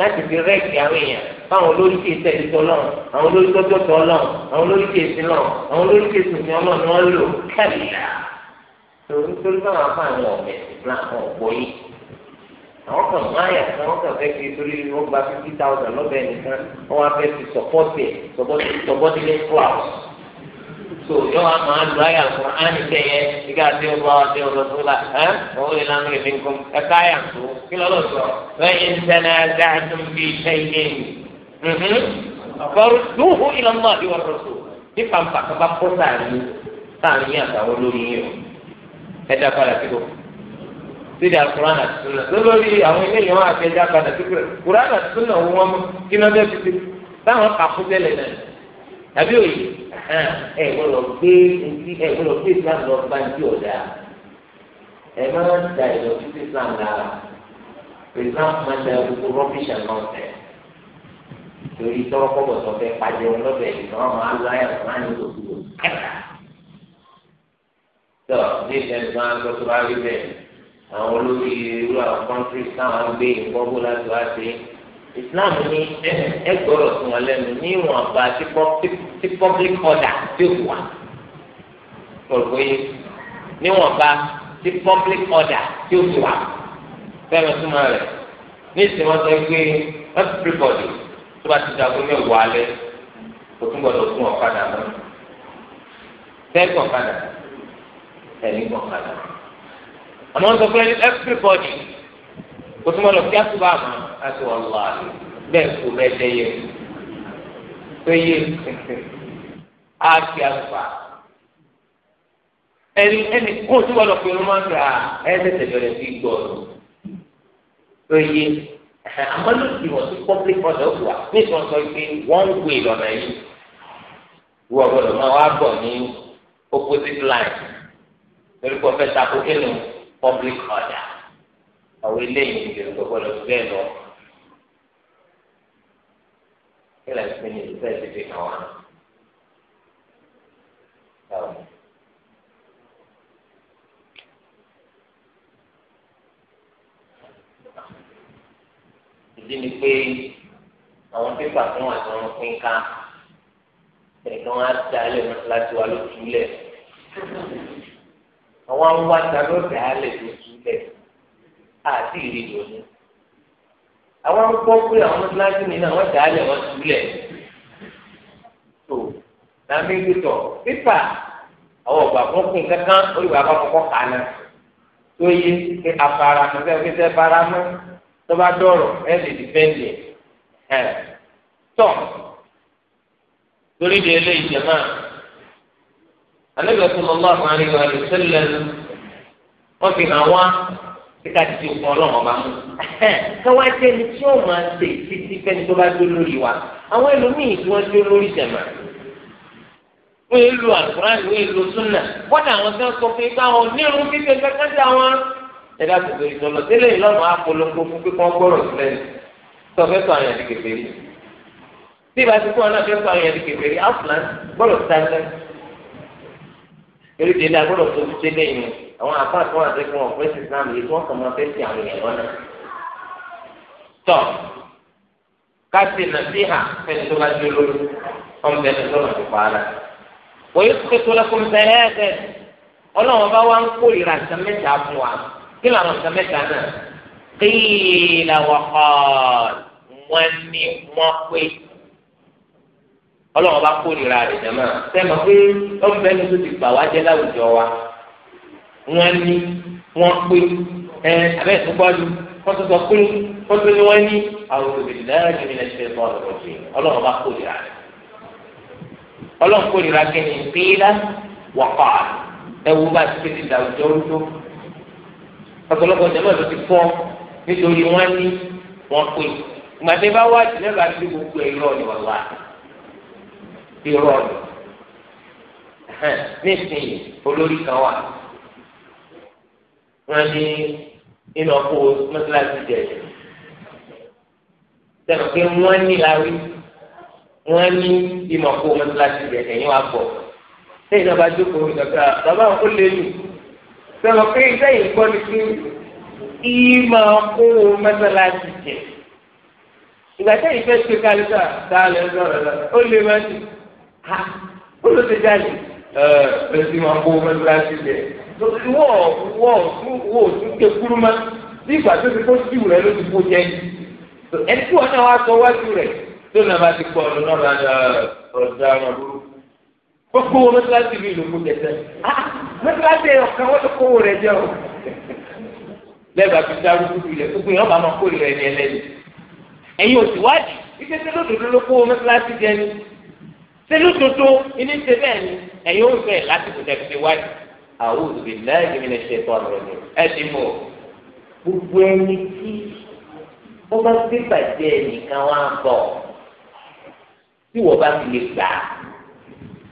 láti fi rẹ́ẹ̀kì àwọn èèyàn fáwọn olórí tí èsì ẹ̀dìtọ̀ náà àwọn olórí tó tó tọ̀ náà àwọn olórí tí èsì náà àwọn olórí tí èsì náà náà ni wọ́n lò kẹ́lá. torí báwọn afáàní ọ̀mẹ̀ islam ọ̀gbọ́ yìí àwọn kan máyà tí wọ́n kàn fẹ́ kiri torí wọ́n gba fifty thousand lọ́bẹ̀ẹ́ nìkan wọ́n wá fẹ́ fi sọ̀pọ́tì sọ̀pọ́tì lẹ́kọ̀ọ́ so yọ wa máa lu ayé àkùrọ̀ ánì tẹ̀yẹ ìgbà tí o bá wa tẹ o lọ fún la ẹ o lè lánà lè fi nkún ẹ ká yà tó kí lọ́dọ̀ sọ lẹ́yìn sẹ́nà dáhùn bí sẹ́yìn fọ́rọ̀ dùhù ìlànà ìwà rọ̀tò ní pàmpà kaba kó sàárín sàárín àtàwọn olórí yìí o padà sí o sídìí àkùrọ̀ àná tó lọ lórí àwọn ilé yìí wọn àti ẹ padà sí o kùrọ̀ àná tó lọ wọn kí lọ́dọ̀ ti ti táwọn kà fún tẹ́lẹ̀ náà tàbí òye ẹ gbọ́dọ̀ gbé etí ẹ gbọ́dọ̀ gbé islam lọ bá ní ọdá ẹ má da ìlọ títí islam lára islam máa da gbogbo rubbish and nonsense torí tọrọ kọbọ tó fẹ́ pàjẹ ọlọbẹ ìtàn ọmọ aláya ọmọ àyè òkú kẹta tọ ní ìṣẹ̀lẹ̀ máa ń gbọ́dọ̀ wá rí bẹ́ẹ̀ àwọn olórí irú àwọn kọńtírì táwọn gbé ìkọgbó láti wá sí islam ní ẹ gbọ́dọ̀ sí wọn lẹ́nu ní ìwọ̀n àgbà tí public order ti wà pọ̀lọ́pọ̀ yìí níwọ̀n bá tí public order tí ó ti wà fẹ́mi súnmọ́ rẹ̀ ní ìsìn wọn sọ pé everybody tó bá ti dàgbọ́ mẹ́wàá alẹ́ kò tún gbọ́dọ̀ fún ọ̀kadà mọ́ fẹ́ẹ́ ọ̀kadà ẹ̀yìn àmọ́ sọ pé everybody kò tó mọ lọ kí àtúbà mọ àti wàlúwà bẹ́ẹ̀ kú bẹ́ẹ̀ dẹyẹ péye á kí àtúbà ẹni ẹni kó tó mọ lọ pé wọn máa ń ra ẹni tẹsẹ̀ bẹ̀rẹ̀ sí gbọ́ péye (laughs) àmọ́ ló ti wọ sí public order wa ní ìsọsọ pé wọn ń wé yìí wọn gbọ́dọ̀ máa wá bọ̀ ní opposite line lórí pọfẹsà kókè ní public order àwọn eléyìí ìbẹ̀rù gbọ́dọ̀ lọ bẹ́ẹ̀ lọ. kí lè fi ní ìlú sẹ́ẹ̀ tètè hàn wá. ìdí ni pé àwọn pépà tó wà tó ń pín ká ẹnìkan wá da ilé mọ́tíláṣí wa ló túlẹ̀ àwọn wá da ló da ilé tó túlẹ̀ àti ìrìn lónìí àwọn gbọ́ pé àwọn mọ́tíláṣí ni, náà wọ́n dàálẹ̀ wọ́n túlẹ̀ tó làmì gbẹtọ̀ pípà àwọn ọ̀gbà fúnkùn kankan olùwà bá kọ́kọ́ kà náà tó yé pé afárá ẹgbẹ́ fẹsẹ̀ fara mọ́ tó bá dọ̀rọ̀ ẹ̀ lè dìpẹ́ndì ẹ̀ tọ̀ torí di eléyìí jẹ máa Ànábì sallallahu alaihi wa sallam wọ́n fi hàn kíkà tí o kún ọlọ́run ọba mú (laughs) káwá jẹ́ ẹni tí yóò máa ṣe títí fẹ́ni tó bá dúró lórí wa àwọn ẹlòmíì tí wọ́n dúró lórí jẹ̀mà wọ́n yé lu àkùrán wọ́n yé lu súnà bọ́dà àwọn tí wọ́n sọ pé káwọn onírun fífẹ́ kankan dá wọn. ẹ̀dá tó tẹ̀lé sọ̀rọ̀ délé ìlọ́nà apolongo fún pé kán gbọ́rọ̀ sílẹ̀ sọ fẹ́ sọ àyàn di kèfèrí tí ìbá ti kú ọ náà fẹ́ sọ àyàn di kèfèrí eréje la gbọ́dọ̀ tó ti dé yìí àwọn àpá àti wọn àti fún wọn fẹsẹ islam yìí tí wọn kàn máa fẹsẹ àwọn èèyàn lọ́nà tọ káṣí nàṣíhà fẹsẹ tó bá dé lórí wọn bẹ ní sọlọ tó pa ara wòye tó tó lẹkùn bẹ́ẹ̀ ẹsẹ Ọlọ́run bá wà ń kórìíra nǹkan fún wa kí làwọn nǹkan mẹ́ta náà kéèyàn wà kọ wọn ni wọn pé ọlọ́run bá kórìíra rẹ̀ jẹ́ máa sẹ́mi pé wọ́n fẹ́ ní tó ti gbà wá jẹ́ láwùjọ wa wọ́n ní wọ́n pé ẹ abẹ́ ìtúgbọ́dù wọ́n tún sọ pé wọ́n tún ní wọ́n ní àwọn olùdíláàjì ní ẹ̀ṣẹ̀ bọ́ọ̀lù ọ̀sẹ̀ ọlọ́run bá kórìíra rẹ̀ ọlọ́run kórìíra kí ni ìpínlẹ̀ wọ̀kọ̀ ẹ̀wù bá ti kéde láwùjọ rúdó ọ̀pọ̀lọpọ̀ jẹ́mọ̀ ló ti fọ́ nítorí wọ́n ní wọ́n pé gbàdébáwá ti lẹ́gbàá sí gbogbo ẹ̀rọ ni wàlúwàá irọ́ ni nísìnyí olórí kan wà wọ́n ní inú ọkọ̀ mọ́tíláṣí jẹ sẹ́nu pé wọ́n ní láwí wọ́n ní inú ọkọ̀ mọ́tíláṣí jẹ ẹ̀yìn wa bọ̀ sẹ́yìn náà bá jókòó ìdọ̀ka bàbá òkú lè lù sẹ́nu pé sẹ́yìn gbọ́ ni pé ìmọ̀ ọkọ̀ mọ́tíláṣí jẹ ìgbà sẹ́yìn fẹ́ ṣe kálíkà dáa lẹ́nu ọ̀rọ̀ lọ ó lè má ti ha olóde jáde ẹ bẹsí máa ń kó mẹsàlásì lẹ wọ wọ wọ tún ké kúrú ma bí ìgbà tó ti kó síwù rẹ ló ti kó jẹ ẹni tí wọn náà wá sọ wájú rẹ tó náà bá ti kọ ọ lọ náà ọ̀dà ọ̀nà burú gbogbo wọn mẹsàlásì mi ló kó jẹsẹ mẹsàlásì ọ̀kan wọn tó kó wọ rẹ jẹ o lẹ́ẹ̀bà fi dárúkú ilẹ̀ gbogbo yẹn ọba máa kó ilẹ̀ ẹni ẹlẹ́ni ẹ̀yin òsì wájú ìgbésẹ̀ lódodo ló kó mẹsàlásì jẹ ni sílù tuntun ilé ṣe bẹ́ẹ̀ ni ẹ̀yin ò fẹ́ lásìkò tẹ̀sí wáyé àwọn òbí lẹ́yìn mi lè ṣe tọ́ ọ̀rọ̀ mi ẹ̀ ti mọ̀ gbogbo ẹni tí wọ́n bá gbé bàjẹ́ nìkan wá ń bọ̀ tí wọ́n bá fi lè gbà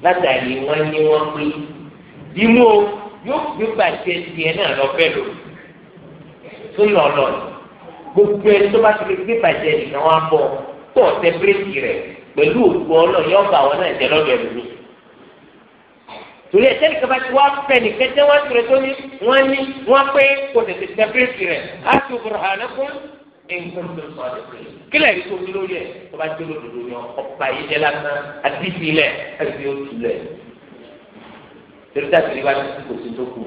látàrí wọ́n ní wọ́n pé dìmú o yóò gbé bàjẹ́ tiẹ̀ náà lọ́fẹ́ lò tó lọ lọ gbogbo ẹni tó bá fi lè gbé bàjẹ́ nìkan wá ń bọ̀ tó ọ̀tẹ́ bírèkì rẹ̀ pẹ̀lú òkú ọlọ́run yóò bá àwọn náà jẹ lọ́dọ̀ ẹ̀mí torí ẹ̀sẹ̀ nìkan bá ti wá fẹ́ nìkan tẹ́ wá tirẹ̀ tó ní wọ́n ní wọ́n pé kò tètè sẹ́pẹ́rẹ́sì rẹ̀ á ti bùrọ̀ hànà fún nǹkan tó ń sọ àdé pé kílẹ̀ rí tó ní lórí ẹ̀ tó bá dé lódodo ní ọ̀pá yìí jẹ́ lásán àti ìfilẹ̀ àti òtúlẹ̀ torí dáàbò ní wá ti kò sí tó kù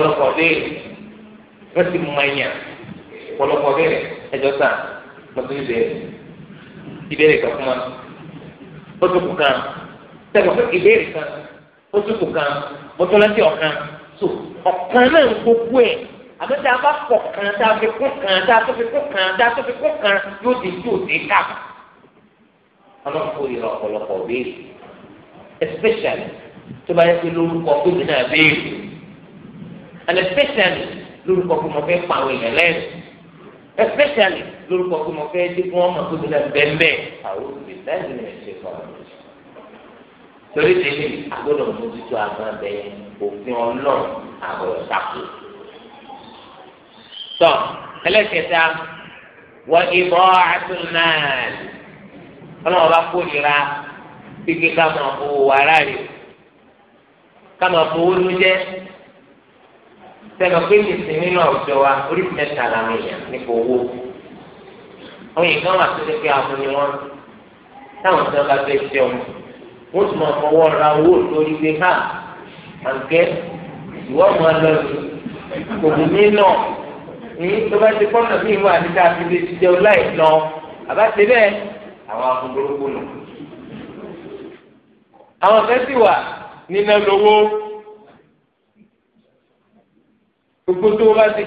ọlọ́run wọ́n ti mọ ẹ̀yàn pọ̀lọpọ̀ bẹ́ẹ̀ ẹjọ́ sà lọ́sọ̀rọ̀ ìbéèrè ìbéèrè kan fún wa ó tó kù kan sẹ́gun fún ìbéèrè kan ó tó kù kan mọ́tòlásì ọ̀kan so ọ̀kan náà ń gbogbo ẹ̀ àmọ́ tá a bá pọ̀ kan tá a fi kún kan tá a tó fi kún kan tá a tó fi kún kan yóò di tí ò dé ká ọlọ́run kò yẹra ọ̀pọ̀lọpọ̀ béèrè especially tó bá yẹ kí lórúkọ gómìnà béèrè lórúkọ fún mo fẹ́ pa àwọn èèyàn especially lórúkọ fún mo fẹ́ dé fún ọmọ tó ti náà bẹ́ẹ̀ àwọn òbí lẹ́nu ni ẹ̀ṣẹ̀ fún ọmọ torí tèmi àgbọ̀dọ̀ mójútó àgbọn bẹ́ẹ̀ òfin ọlọ́run àgbọ̀dọ̀ sàkó. tọ́ ẹlẹ́kẹta wọ ìbọ̀ àtúnáàlì ọlọ́run bá kórìíra pípé ká máa fowó wàrà rè ká máa fowó lójẹ́ sẹ́nu pé nìsín nínú àwùjọ wa orí mẹ́ta làwọn èèyàn nípa owó oyin kan wà síbi pé àwọn ni wọn táwọn tí wọn bá fẹ́ jẹun wọn tún máa fọwọ́ ra owó lórí pé ha àǹkẹ́ ìwọ máa lọ sí òbí mi náà ní tó bá ti kọ́nà bí ìwọ àti tá a fi lè jẹun láì lọ àbá ti bẹ́ẹ̀ àwọn akúndóró kùnà àwọn fẹ́ sì wà nínú lówó gbogbo tó bá ti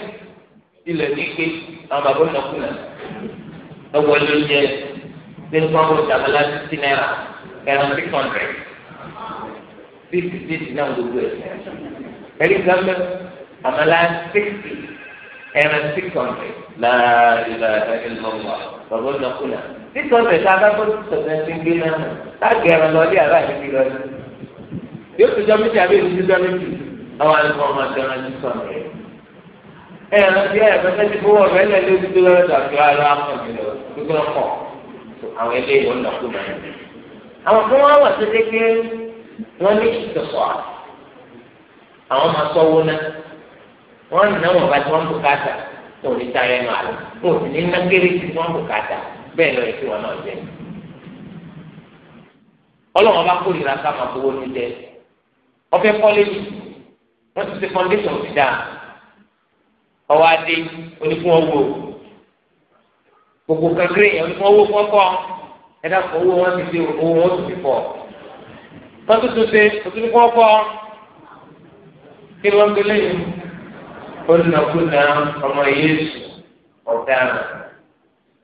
ilẹ̀ ní pé àwọn bàbá ìnákúnà ẹwọ ló ń jẹ nínú kan wọn jàmbá láti sí náírà ẹran six hundred sixty sixty náà gbogbo ẹ ẹrí gbàgbẹ àmàlà sixty ẹran six hundred láàrínlá ẹlọmọ bàbá ìnákúnà six hundred tá bá gbọ́dọ̀ sọsẹ ti ń gbé náà láàgẹ ẹran lọ ilé àbá àdébí lọ yóò tó jọ méjì àbí èyí tó jọ méjì àwọn àlùfáà máa jẹun ẹni sọ̀rọ̀. ẹ ẹran bí ẹ bẹsẹ ti fowó ọbẹ lẹ lórí tó lọrọ tàbí ara pọn mi lọ gbogbo ọkọ àwọn ẹgbẹ ìwọ ń dàkú mọ ẹni. àwọn kan wá wà tètè pé wọn ní ìtọsọ àwọn máa sọwọ náà wọn nà wọn bá tí wọn bò káàtà tó ní ta ẹnu àlọ wọn sì ní ná kéré tí wọn bò káàtà bẹ́ẹ̀ lọ èsì wọn náà jẹ. ọlọ́wọ́n bá kórìíra ká máa fowó ní jẹ ọfẹ́ kọ́lé wọ́n ti ti ọwọ́ adé onífún ọwọ́ gbogbo kankéré yẹn onífún ọwọ́ kọ́kọ́ ẹ̀dá kọ́ owó wọn ti fi owó wọn ti fi fọ́ wọ́n tún tún ṣe òtún fún ọkọ́ kí wọ́n gbélé yìí ó nà kú nà ọmọ yéésù ọ̀daràn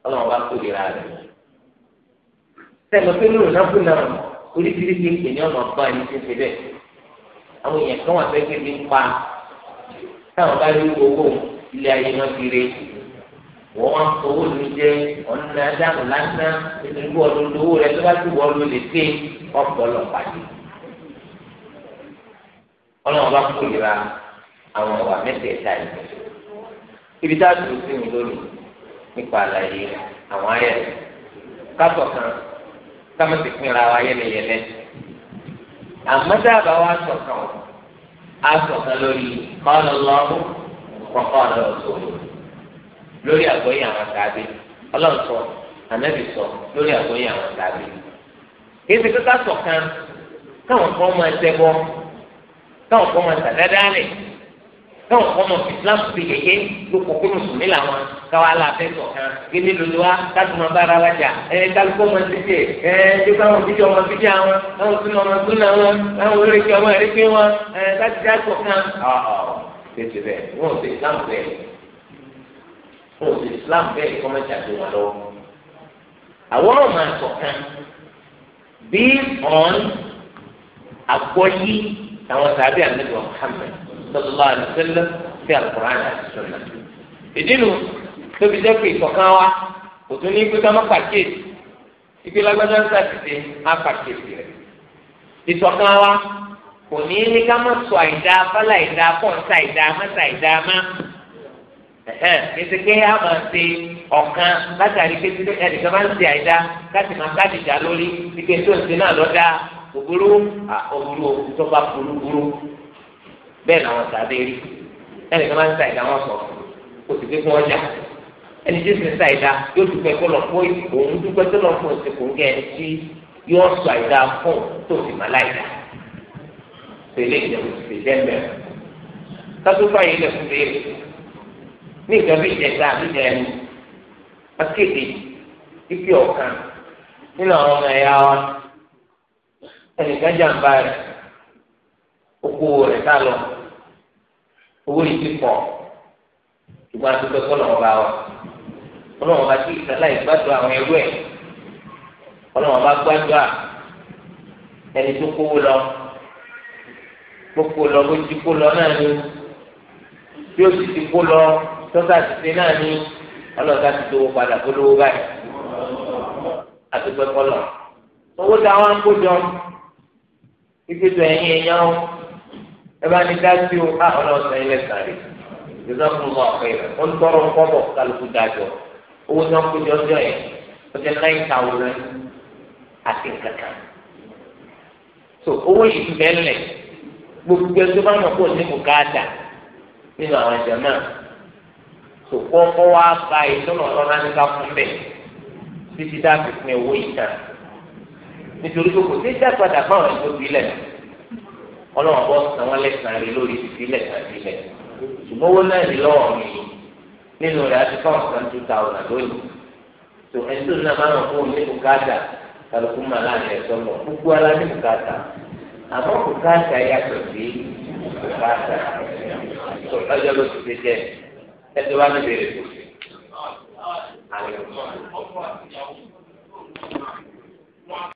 ọlọ́run bá kó ìlera rẹ̀ sẹ́nu pé lóòrùn oríṣiríṣi ìpènyẹ́ ọ̀nà ọ̀gbọ́n ẹni ti fi bẹ́ẹ̀ àwọn èèyàn kan wà fẹ́ kí ebi pa táwọn bá rí owó ilé ayé náà fi re wọ́n wá owó mi jẹ́ ọ̀nà dànù lásán ìlú ọdún owó rẹ tó bá ti wọ́n ló lè dé ọ̀pọ̀lọpọ̀ àti. ọlọ́run bá kórìíra àwọn ọ̀wà mẹ́tẹ̀ẹ̀ta yìí. ibi tá a dúró sí mi lónìí nípa àlàyé àwọn ayẹ rẹ̀ kátó kan kámi ti pinra wa yẹlẹyẹlẹ àmọ́ dábàá wa sọ̀kan a sọ̀kan lórí kọ́ lọ́lọ́rùn wọn kọ́ ọ̀nà ọ̀sọ̀ lórí àgbọ̀yé àwọn tàbí ọlọ́run sọ ànábì sọ lórí àgbọ̀yé àwọn tàbí. èsì kíkà sọ̀kan káwọn kan máa tẹ́bọ́ káwọn kan máa tàdáadáa rẹ̀ káwọn kan máa fi islam fi yẹyẹ lóko kó mùsùlùmí làwọn káwọn aláàfẹ́ sọ̀kan kíní lòlú wa káàtó máa bára wa jà ẹ kálukọ́ máa ti tẹ̀ ẹ ṣé káwọn fi jọ máa fi jẹ àwọn káwọn tún máa tún náà wọn káwọn orí kí ọmọ rẹ gbé wọn ẹ káàtó já sọ̀kan tètè bẹ́ẹ̀ wọn ò sí islam bẹ́ẹ̀ wọn ò sí islam bẹ́ẹ̀ kọ́ mẹ́ta tó wà lọ́wọ́ àwọn ọmọ àtọ̀kan based on àgbọ́yé àwọn sàbí àlejò Muhammad sallallahu alaihi wasallam sí alukur'an àti sunna ìdí nu tóbi jẹ́ pé ìkọ̀kan wa kò tún ní pé ká má pàkíyèsí ìpínlẹ̀ gbọ́dọ̀ ń sàkìtì á pàkíyèsí rẹ̀ ìtọ̀kan wa. kò ní ní ká má sọ àìdá fálà àìdá pọ̀nsa àìdá mọ́sà àìdá má kẹsìkẹ́ á máa ṣe ọ̀kan látàrí pé ẹnìkan máa ń ṣe àìdá láti máa ká dìjà lórí ike tó ń ṣe náà lọ́dá òbúrú òbúrú tó burú burú bẹ́ẹ̀ làwọn sàdé rí ẹnìkan máa ń ṣe wọn sọ kò sì pé tẹ̀lé ìjẹ̀kùsì dẹ́mbẹ̀. Sátúfà yìí lè fún béèrè. Ní ìjọba ìjẹta àbí ìjẹnu, wọ́n kéde ipi nínú àwọn ọmọ ẹ̀yà wa. Ẹnìkan jàǹbá rẹ̀, oko rẹ̀ sá lọ. Owó yìí ti pọ̀, ṣùgbọ́n a ti kọ́ lọ́wọ́ bá wa. Ọlọ́run bá ti ìsàlá ìgbàdùn àwọn ẹrú ẹ̀. Ọlọ́run bá gbàdùn à ẹni tó kówó lọ kókó lọ bó ti kó lọ náà ni bí ó sì ti kó lọ tọ́ka ti ṣe náà ni ọlọ́ọ̀ta ti tó padà kó lówó báyìí àtúgbẹ́ kọlọ̀ owó tí àwọn akójọ ìgbésọ ẹ̀yìn ẹ̀yàn ó ẹ bá ní dájú ó ká ọlọ́ọ̀sán ilẹ̀ sàrè ìgbésọ fún mi ọ̀pẹ rẹ̀ ó ń tọrọ kọ́bọ̀ kálukú dájọ owó a wọ́n kójọ ọjọ́ yẹn ó jẹ́ nine thousand àti kankan so owó yìí bẹ́ẹ̀ lẹ̀ gbogbo ẹni tó bá mọ̀ kó ní bùkátà nínú àwọn jama tó kọ́kọ́ wá ba ìtọ́nà ọlọ́run ní ká fún bẹ́ẹ̀ títí dá fi pin owó yìí tán nítorí pé kò sí ìdápadà fáwọn ẹni tó fi lẹ̀ ọlọ́run bọ́ sàn wọ́n lẹ́sàn-án rí lórí fífi lẹ́sàn rí lẹ̀ ṣùgbọ́n owó náà ní lọ́wọ́ mi nínú rẹ̀ àti fáwọn kan two thousand lónìí tó ẹni tó náà máa ń fún ní bùkátà kálukú màlá ní ẹ̀sọ́ lọ gbogbo ara ní bùkátà àmọ́ kò káàkà yàtọ̀ sí kò káàkà tó lọ́jọ́ ló ti ṣe jẹ́ ẹtọ́ bá mi bèrè kù. Thank